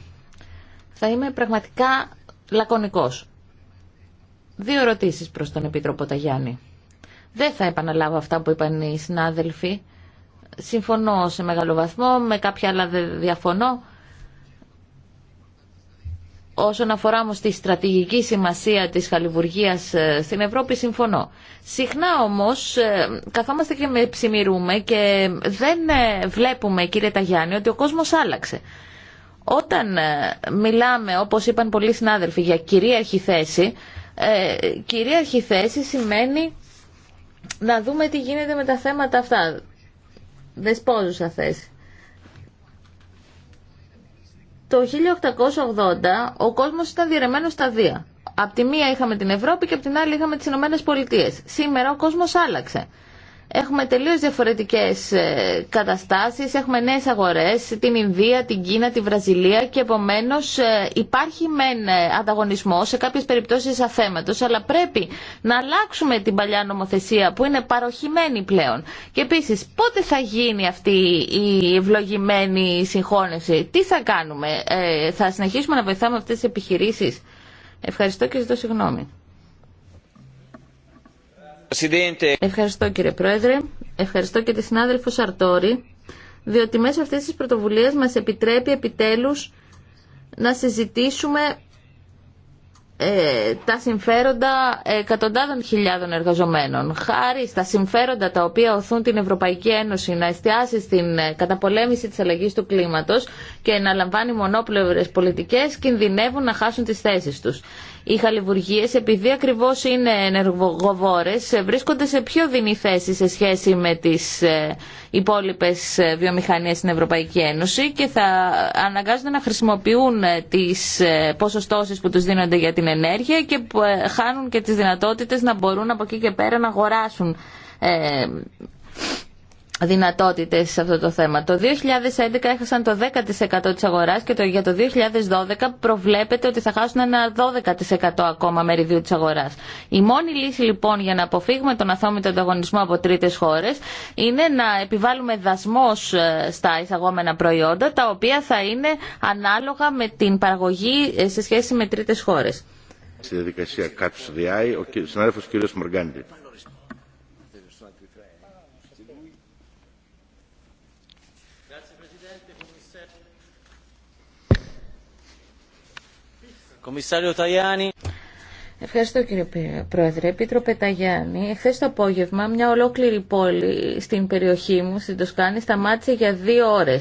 Θα είμαι πραγματικά λακωνικός. Δύο ερωτήσεις προς τον Επίτροπο Ταγιάννη. Δεν θα επαναλάβω αυτά που είπαν οι συνάδελφοι συμφωνώ σε μεγάλο βαθμό, με κάποια άλλα διαφωνώ. Όσον αφορά όμως τη στρατηγική σημασία της χαλιβουργίας ε, στην Ευρώπη, συμφωνώ. Συχνά όμως ε, καθόμαστε και με ψημιρούμε και δεν ε, βλέπουμε, κύριε Ταγιάννη, ότι ο κόσμος άλλαξε. Όταν μιλάμε, όπως είπαν πολλοί συνάδελφοι, για κυρίαρχη θέση, κυρίαρχη θέση σημαίνει να δούμε τι γίνεται με τα θέματα αυτά δεσπόζουσα θέση. Το 1880 ο κόσμος ήταν διαιρεμένος στα δύο. Απ' τη μία είχαμε την Ευρώπη και απ' την άλλη είχαμε τις Ηνωμένε Πολιτείε. Σήμερα ο κόσμος άλλαξε. Έχουμε τελείως διαφορετικές ε, καταστάσεις, έχουμε νέες αγορές, την Ινδία, την Κίνα, τη Βραζιλία και επομένως ε, υπάρχει μεν ε, ανταγωνισμό σε κάποιες περιπτώσεις αθέματος, αλλά πρέπει να αλλάξουμε την παλιά νομοθεσία που είναι παροχημένη πλέον. Και επίσης πότε θα γίνει αυτή η ευλογημένη συγχώνευση, τι θα κάνουμε, θα συνεχίσουμε να βοηθάμε αυτές τις επιχειρήσεις. Ευχαριστώ και ζητώ συγγνώμη. Ευχαριστώ κύριε Πρόεδρε. Ευχαριστώ και τη συνάδελφο Σαρτόρη, διότι μέσω αυτής της πρωτοβουλίας μας επιτρέπει επιτέλους να συζητήσουμε ε, τα συμφέροντα εκατοντάδων χιλιάδων εργαζομένων. Χάρη στα συμφέροντα τα οποία οθούν την Ευρωπαϊκή Ένωση να εστιάσει στην ε, καταπολέμηση της αλλαγής του κλίματος και να λαμβάνει μονόπλευρες πολιτικές, κινδυνεύουν να χάσουν τις θέσεις τους οι χαλιβουργίες επειδή ακριβώς είναι ενεργοβόρες βρίσκονται σε πιο δινή θέση σε σχέση με τις ε, υπόλοιπες ε, βιομηχανίες στην Ευρωπαϊκή Ένωση και θα αναγκάζονται να χρησιμοποιούν ε, τις ποσοστώσεις που τους δίνονται για την ενέργεια και χάνουν και τις δυνατότητες να μπορούν από εκεί και πέρα να αγοράσουν δυνατότητες σε αυτό το θέμα. Το 2011 έχασαν το 10% της αγοράς και το, για το 2012 προβλέπεται ότι θα χάσουν ένα 12% ακόμα μεριδίου της αγοράς. Η μόνη λύση λοιπόν για να αποφύγουμε τον αθόμητο ανταγωνισμό από τρίτες χώρες είναι να επιβάλλουμε δασμός ε, στα εισαγόμενα προϊόντα τα οποία θα είναι ανάλογα με την παραγωγή ε, σε σχέση με τρίτες χώρες. Στη διαδικασία ο συνάδελφος κ. Ευχαριστώ κύριε Πρόεδρε. Επίτροπε Ταγιάννη, χθε το απόγευμα μια ολόκληρη πόλη στην περιοχή μου, στην Τοσκάνη, σταμάτησε για δύο ώρε.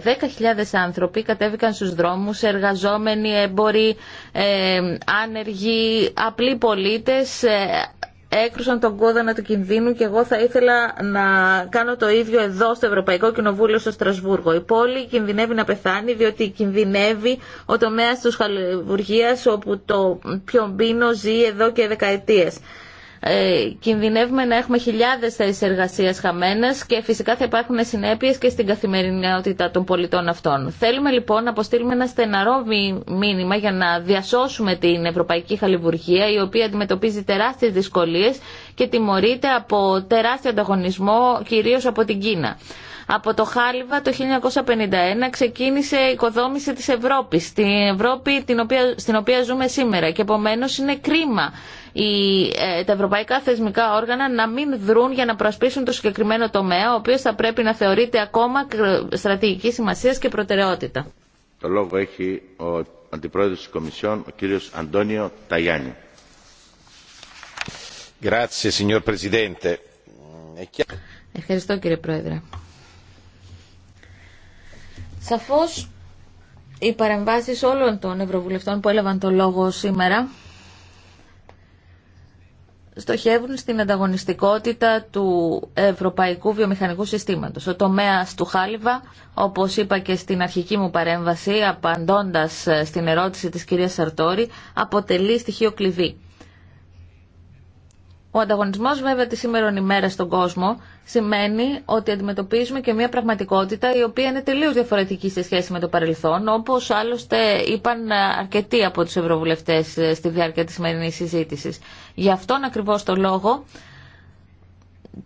Δέκα χιλιάδες άνθρωποι κατέβηκαν στου δρόμους, εργαζόμενοι, έμποροι, ε, άνεργοι, απλοί πολίτε. Ε, έκρουσαν τον κόδωνα του κινδύνου και εγώ θα ήθελα να κάνω το ίδιο εδώ στο Ευρωπαϊκό Κοινοβούλιο στο Στρασβούργο. Η πόλη κινδυνεύει να πεθάνει διότι κινδυνεύει ο τομέας της χαλιβουργίας όπου το πιο μπίνο ζει εδώ και δεκαετίες. Ε, κινδυνεύουμε να έχουμε χιλιάδε θέσει εργασία χαμένε και φυσικά θα υπάρχουν συνέπειε και στην καθημερινότητα των πολιτών αυτών. Θέλουμε λοιπόν να αποστείλουμε ένα στεναρό μήνυμα για να διασώσουμε την Ευρωπαϊκή Χαλιβουργία η οποία αντιμετωπίζει τεράστιε δυσκολίε και τιμωρείται από τεράστιο ανταγωνισμό κυρίω από την Κίνα. Από το Χάλιβα το 1951 ξεκίνησε η οικοδόμηση της Ευρώπης, την Ευρώπη την οποία, στην οποία ζούμε σήμερα και επομένως είναι κρίμα ε, τα ευρωπαϊκά θεσμικά όργανα να μην δρούν για να προασπίσουν το συγκεκριμένο τομέα, ο οποίο θα πρέπει να θεωρείται ακόμα στρατηγική σημασία και προτεραιότητα. Το λόγο έχει ο Αντιπρόεδρος της Κομισιόν, ο κύριος Αντώνιο Ταγιάννη. Ευχαριστώ κύριε Πρόεδρε. Σαφώς οι παρεμβάσεις όλων των Ευρωβουλευτών που έλαβαν το λόγο σήμερα στοχεύουν στην ανταγωνιστικότητα του ευρωπαϊκού βιομηχανικού συστήματος. Ο τομέας του Χάλιβα, όπως είπα και στην αρχική μου παρέμβαση, απαντώντας ε, στην ερώτηση της κυρίας Σαρτόρη, αποτελεί στοιχείο κλειδί. Ο ανταγωνισμός βέβαια τη σήμερα ημέρα στον κόσμο σημαίνει ότι αντιμετωπίζουμε και μια πραγματικότητα η οποία είναι τελείως διαφορετική σε σχέση με το παρελθόν, όπως άλλωστε είπαν αρκετοί από τους ευρωβουλευτές ε, στη διάρκεια της σημερινή συζήτηση. Γι' αυτόν ακριβώς το λόγο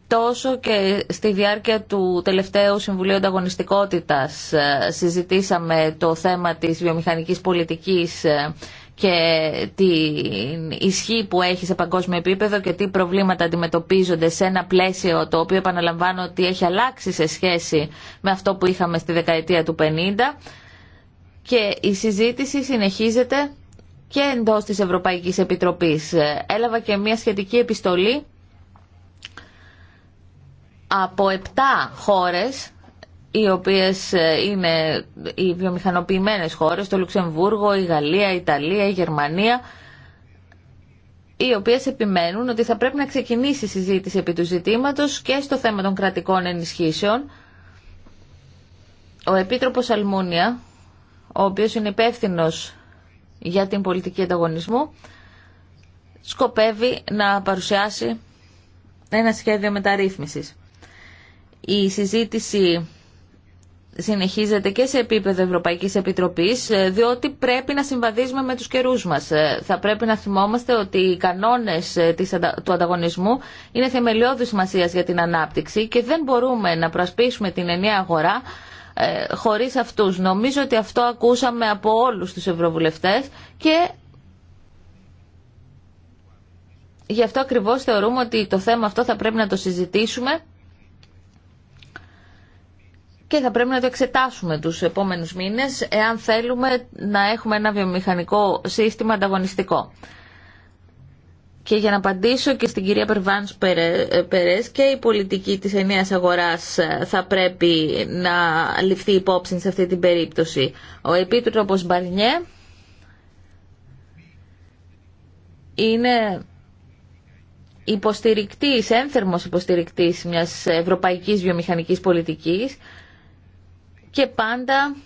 τόσο και στη διάρκεια του τελευταίου Συμβουλίου Ανταγωνιστικότητας ε, συζητήσαμε το θέμα της βιομηχανικής πολιτικής ε, και την ισχύ που έχει σε παγκόσμιο επίπεδο και τι προβλήματα αντιμετωπίζονται σε ένα πλαίσιο το οποίο επαναλαμβάνω ότι έχει αλλάξει σε σχέση με αυτό που είχαμε στη δεκαετία του 50 και η συζήτηση συνεχίζεται και εντός της Ευρωπαϊκής Επιτροπής. Ε, έλαβα και μια σχετική επιστολή από 7 χώρες οι οποίες ε, είναι οι βιομηχανοποιημένες χώρες, το Λουξεμβούργο, η Γαλλία, η Ιταλία, η Γερμανία, οι οποίες επιμένουν ότι θα πρέπει να ξεκινήσει η συζήτηση επί του ζητήματος και στο θέμα των κρατικών ενισχύσεων. Ο Επίτροπος Αλμούνια, ο οποίος είναι υπεύθυνο για την πολιτική ανταγωνισμού σκοπεύει να παρουσιάσει ένα σχέδιο μεταρρύθμισης. Η συζήτηση συνεχίζεται και σε επίπεδο Ευρωπαϊκής Επιτροπής, ε, διότι πρέπει να συμβαδίζουμε με τους καιρούς μας. Ε, θα πρέπει να θυμόμαστε ότι οι κανόνες ε, του ανταγωνισμού είναι θεμελιώδης σημασία για την ανάπτυξη και δεν μπορούμε να προασπίσουμε την ενιαία αγορά ε, χωρίς αυτούς. Νομίζω ότι αυτό ακούσαμε από όλους τους ευρωβουλευτές και γι' αυτό ακριβώς θεωρούμε ότι το θέμα αυτό θα πρέπει να το συζητήσουμε και θα πρέπει να το εξετάσουμε τους επόμενους μήνες εάν θέλουμε να έχουμε ένα βιομηχανικό σύστημα ανταγωνιστικό. Και για να απαντήσω και στην κυρία Περβάνς ε, Περές και η πολιτική της ενίας αγοράς ε, θα πρέπει να ληφθεί υπόψη σε αυτή την περίπτωση. Ο Επίτροπος Μπαρνιέ είναι υποστηρικτής, ένθερμος υποστηρικτής μιας ευρωπαϊκής βιομηχανικής πολιτικής και πάντα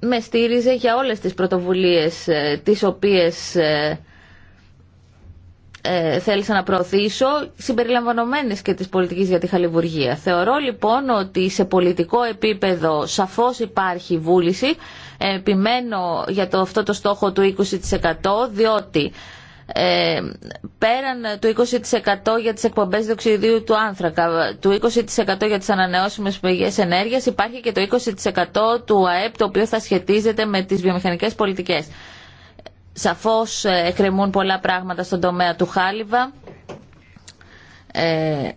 με στήριζε για όλες τις πρωτοβουλίες ε, τις οποίες ε, θέλησα να προωθήσω, συμπεριλαμβανομένες και της πολιτικής για τη χαλιβουργία. Θεωρώ λοιπόν ότι σε πολιτικό επίπεδο σαφώς υπάρχει βούληση. Επιμένω για το, αυτό το στόχο του 20% διότι ε, πέραν του 20% για τις εκπομπές διοξιδίου του άνθρακα, του 20% για τις ανανεώσιμες πηγές ενέργειας, υπάρχει και το 20% του ΑΕΠ το οποίο θα σχετίζεται με τις βιομηχανικές πολιτικές σαφώς ε, εκκρεμούν πολλά πράγματα στον τομέα του Χάλιβα. Ε,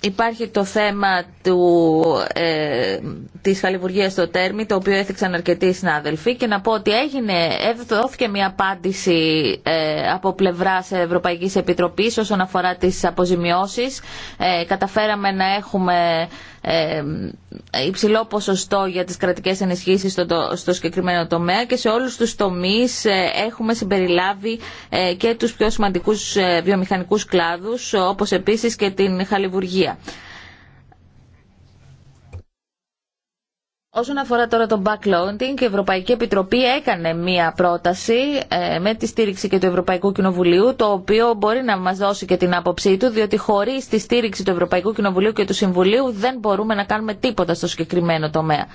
υπάρχει το θέμα του, ε, της χαλιβουργίας στο Τέρμι, το οποίο έθιξαν αρκετοί συνάδελφοι και να πω ότι έγινε, έδωθηκε μια απάντηση ε, από πλευράς Ευρωπαϊκής Επιτροπής όσον αφορά τις αποζημιώσεις. καταφέραμε να έχουμε ε, υψηλό ποσοστό για τις κρατικές ενισχύσεις στο, στο συγκεκριμένο τομέα και σε όλους τους τομείς ε, έχουμε συμπεριλάβει ε, και τους πιο σημαντικούς βιομηχανικούς κλάδους όπως επίσης και την χαλιβουργία. Όσον αφορά τώρα το backloading, η Ευρωπαϊκή Επιτροπή έκανε μία πρόταση ε, με τη στήριξη και του Ευρωπαϊκού Κοινοβουλίου, το οποίο μπορεί να μας δώσει και την άποψή του, διότι χωρίς τη στήριξη του Ευρωπαϊκού Κοινοβουλίου και του Συμβουλίου δεν μπορούμε να κάνουμε τίποτα στο συγκεκριμένο τομέα.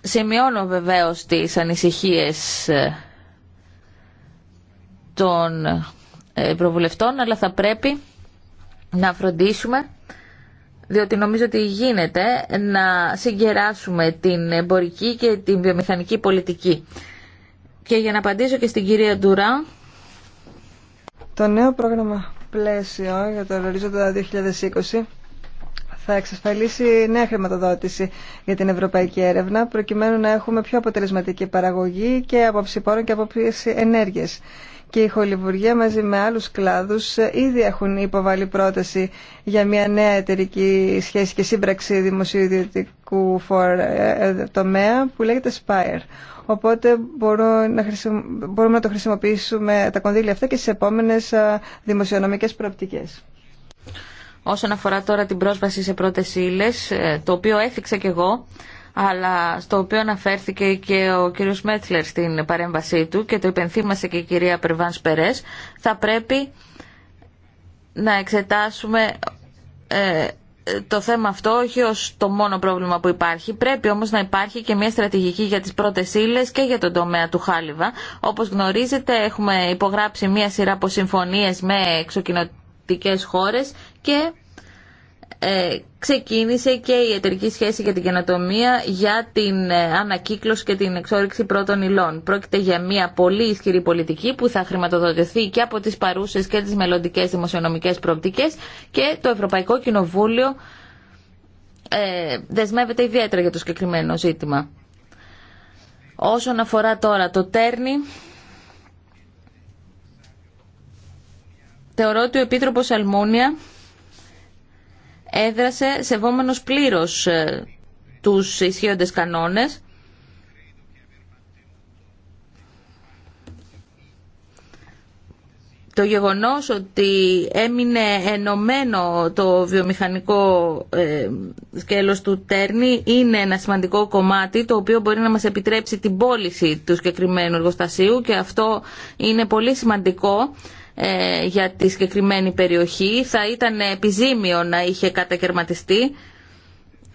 Σημειώνω βεβαίως τις ανησυχίες ε, των ε, προβουλευτών, αλλά θα πρέπει να φροντίσουμε διότι νομίζω ότι γίνεται να συγκεράσουμε την εμπορική και την βιομηχανική πολιτική. Και για να απαντήσω και στην κυρία Ντουρά. Το νέο πρόγραμμα πλαίσιο για το ορίζοντα 2020 θα εξασφαλίσει νέα χρηματοδότηση για την ευρωπαϊκή έρευνα προκειμένου να έχουμε πιο αποτελεσματική παραγωγή και απόψη πόρων και απόψη ενέργειας και η χολιβουργία μαζί με άλλους κλάδους ε, ήδη έχουν υποβάλει πρόταση για μια νέα εταιρική σχέση και σύμπραξη ε, ε, τομέα που λέγεται SPIRE. Οπότε μπορούμε να το χρησιμοποιήσουμε τα κονδύλια αυτά και στις επόμενες δημοσιονομικές προοπτικές. Όσον αφορά τώρα την πρόσβαση σε πρώτες ύλες, το οποίο έφυξα και εγώ, αλλά στο οποίο αναφέρθηκε και ο κύριος Μέτσλερ στην παρέμβασή του και το υπενθύμασε και η κυρία Περβάν Περές, θα πρέπει να εξετάσουμε ε, το θέμα αυτό όχι ως το μόνο πρόβλημα που υπάρχει. Πρέπει όμως να υπάρχει και μια στρατηγική για τις πρώτες ύλε και για τον τομέα του Χάλιβα. Όπως γνωρίζετε έχουμε υπογράψει μια σειρά από συμφωνίες με εξοκοινωτικές χώρες και ε, ξεκίνησε και η εταιρική σχέση για την καινοτομία για την ε, ανακύκλωση και την εξόριξη πρώτων υλών. Πρόκειται για μια πολύ ισχυρή πολιτική που θα χρηματοδοτηθεί και από τις παρούσες και τις μελλοντικέ δημοσιονομικές προοπτικές και το Ευρωπαϊκό Κοινοβούλιο ε, δεσμεύεται ιδιαίτερα για το συγκεκριμένο ζήτημα. Όσον αφορά τώρα το τέρνη, θεωρώ ότι ο Επίτροπος Αλμούνια έδρασε σεβόμενος πλήρως ε, τους ισχύοντες κανόνες το γεγονός ότι έμεινε ενωμένο το βιομηχανικό ε, σκέλος του Τέρνη είναι ένα σημαντικό κομμάτι το οποίο μπορεί να μας επιτρέψει την πώληση του συγκεκριμένου εργοστασίου και αυτό είναι πολύ σημαντικό ε, για τη συγκεκριμένη περιοχή. Θα ήταν επιζήμιο να είχε κατακαιρματιστεί.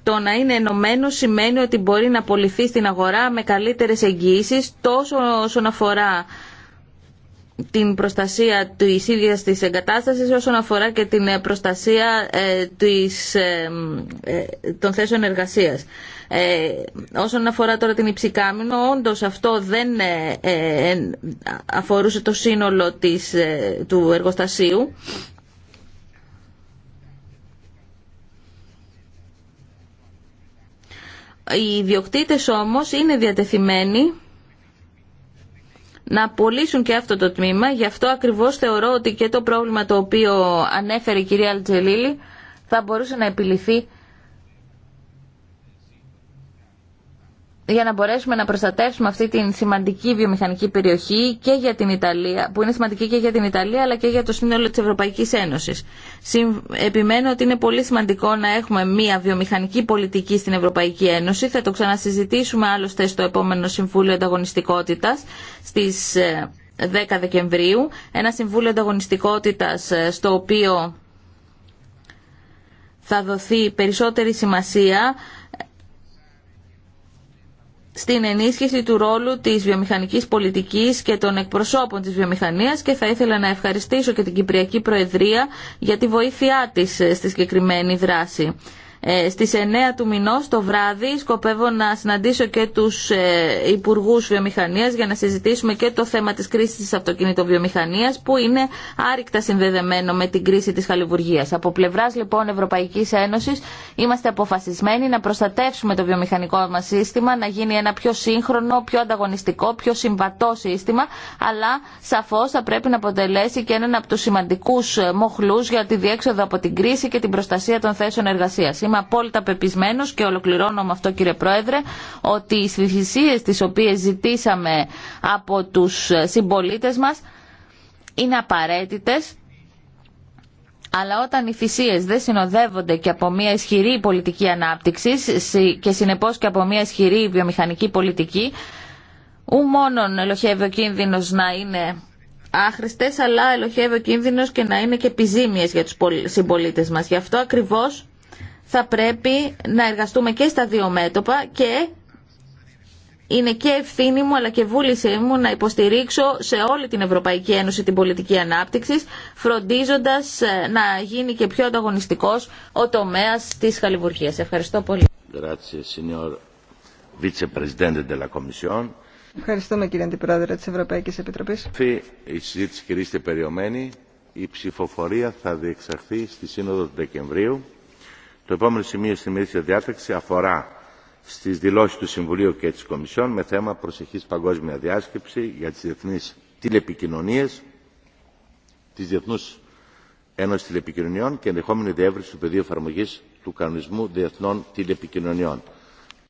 Το να είναι ενωμένο σημαίνει ότι μπορεί να απολυθεί στην αγορά με καλύτερες εγγύησεις τόσο όσον αφορά την προστασία της ίδιας της εγκατάστασης όσον αφορά και την προστασία ε, της, ε, των θέσεων εργασίας. Ε, όσον αφορά τώρα την Υψικάμινο, όντω αυτό δεν ε, ε, αφορούσε το σύνολο της, ε, του εργοστασίου. Οι ιδιοκτήτες όμως είναι διατεθειμένοι να απολύσουν και αυτό το τμήμα. Γι' αυτό ακριβώς θεωρώ ότι και το πρόβλημα το οποίο ανέφερε η κυρία Αλτζελίλη θα μπορούσε να επιληθεί για να μπορέσουμε να προστατεύσουμε αυτή την σημαντική βιομηχανική περιοχή και για την Ιταλία, που είναι σημαντική και για την Ιταλία αλλά και για το σύνολο της Ευρωπαϊκής Ένωσης. Επιμένω ότι είναι πολύ σημαντικό να έχουμε μια βιομηχανική πολιτική στην Ευρωπαϊκή Ένωση. Θα το ξανασυζητήσουμε άλλωστε στο επόμενο Συμβούλιο Ανταγωνιστικότητας στις 10 ε, Δεκεμβρίου. Ένα Συμβούλιο Ανταγωνιστικότητας ε, στο οποίο θα δοθεί περισσότερη σημασία στην ενίσχυση του ρόλου της βιομηχανικής πολιτικής και των εκπροσώπων της βιομηχανίας και θα ήθελα να ευχαριστήσω και την Κυπριακή Προεδρία για τη βοήθειά της ε, στη συγκεκριμένη δράση. Ε, στις 9 του μηνός το βράδυ σκοπεύω να συναντήσω και τους ε, υπουργούς βιομηχανίας για να συζητήσουμε και το θέμα της κρίσης της αυτοκινητοβιομηχανίας που είναι άρρηκτα συνδεδεμένο με την κρίση της χαλιβουργίας. Από πλευράς λοιπόν Ευρωπαϊκής Ένωσης είμαστε αποφασισμένοι να προστατεύσουμε το βιομηχανικό μας σύστημα, να γίνει ένα πιο σύγχρονο, πιο ανταγωνιστικό, πιο συμβατό σύστημα, αλλά σαφώς θα πρέπει να αποτελέσει και έναν από τους σημαντικούς μοχλούς για τη διέξοδο από την κρίση και την προστασία των θέσεων εργασίας είμαι απόλυτα πεπισμένος και ολοκληρώνω με αυτό κύριε Πρόεδρε ότι οι θυσίες τις οποίες ζητήσαμε από τους συμπολίτες μας είναι απαραίτητες αλλά όταν οι θυσίες δεν συνοδεύονται και από μια ισχυρή πολιτική ανάπτυξη και συνεπώς και από μια ισχυρή βιομηχανική πολιτική, ου μόνον ελοχεύει ο κίνδυνος να είναι άχρηστες, αλλά ελοχεύει ο κίνδυνος και να είναι και επιζήμιες για τους συμπολίτε μας. Γι' αυτό ακριβώς θα πρέπει να εργαστούμε και στα δύο μέτωπα και είναι και ευθύνη μου αλλά και βούλησή μου να υποστηρίξω σε όλη την Ευρωπαϊκή Ένωση την πολιτική ανάπτυξη φροντίζοντας ε, να γίνει και πιο ανταγωνιστικός ο τομέας της χαλιβουργίας. Ευχαριστώ πολύ. Ευχαριστούμε κύριε Αντιπρόεδρε της Ευρωπαϊκής Επιτροπής. Η συζήτηση κυρίστε περιομένη. Η ψηφοφορία θα διεξαχθεί στη Σύνοδο του Δεκεμβρίου το επόμενο σημείο στην ημερήσια διάταξη αφορά στι δηλώσει του Συμβουλίου και τη Κομισιόν με θέμα προσεχή παγκόσμια διάσκεψη για τι διεθνεί τηλεπικοινωνίε τη Διεθνού Ένωση Τηλεπικοινωνιών και ενδεχόμενη διεύρυνση του πεδίου εφαρμογή του κανονισμού διεθνών τηλεπικοινωνιών.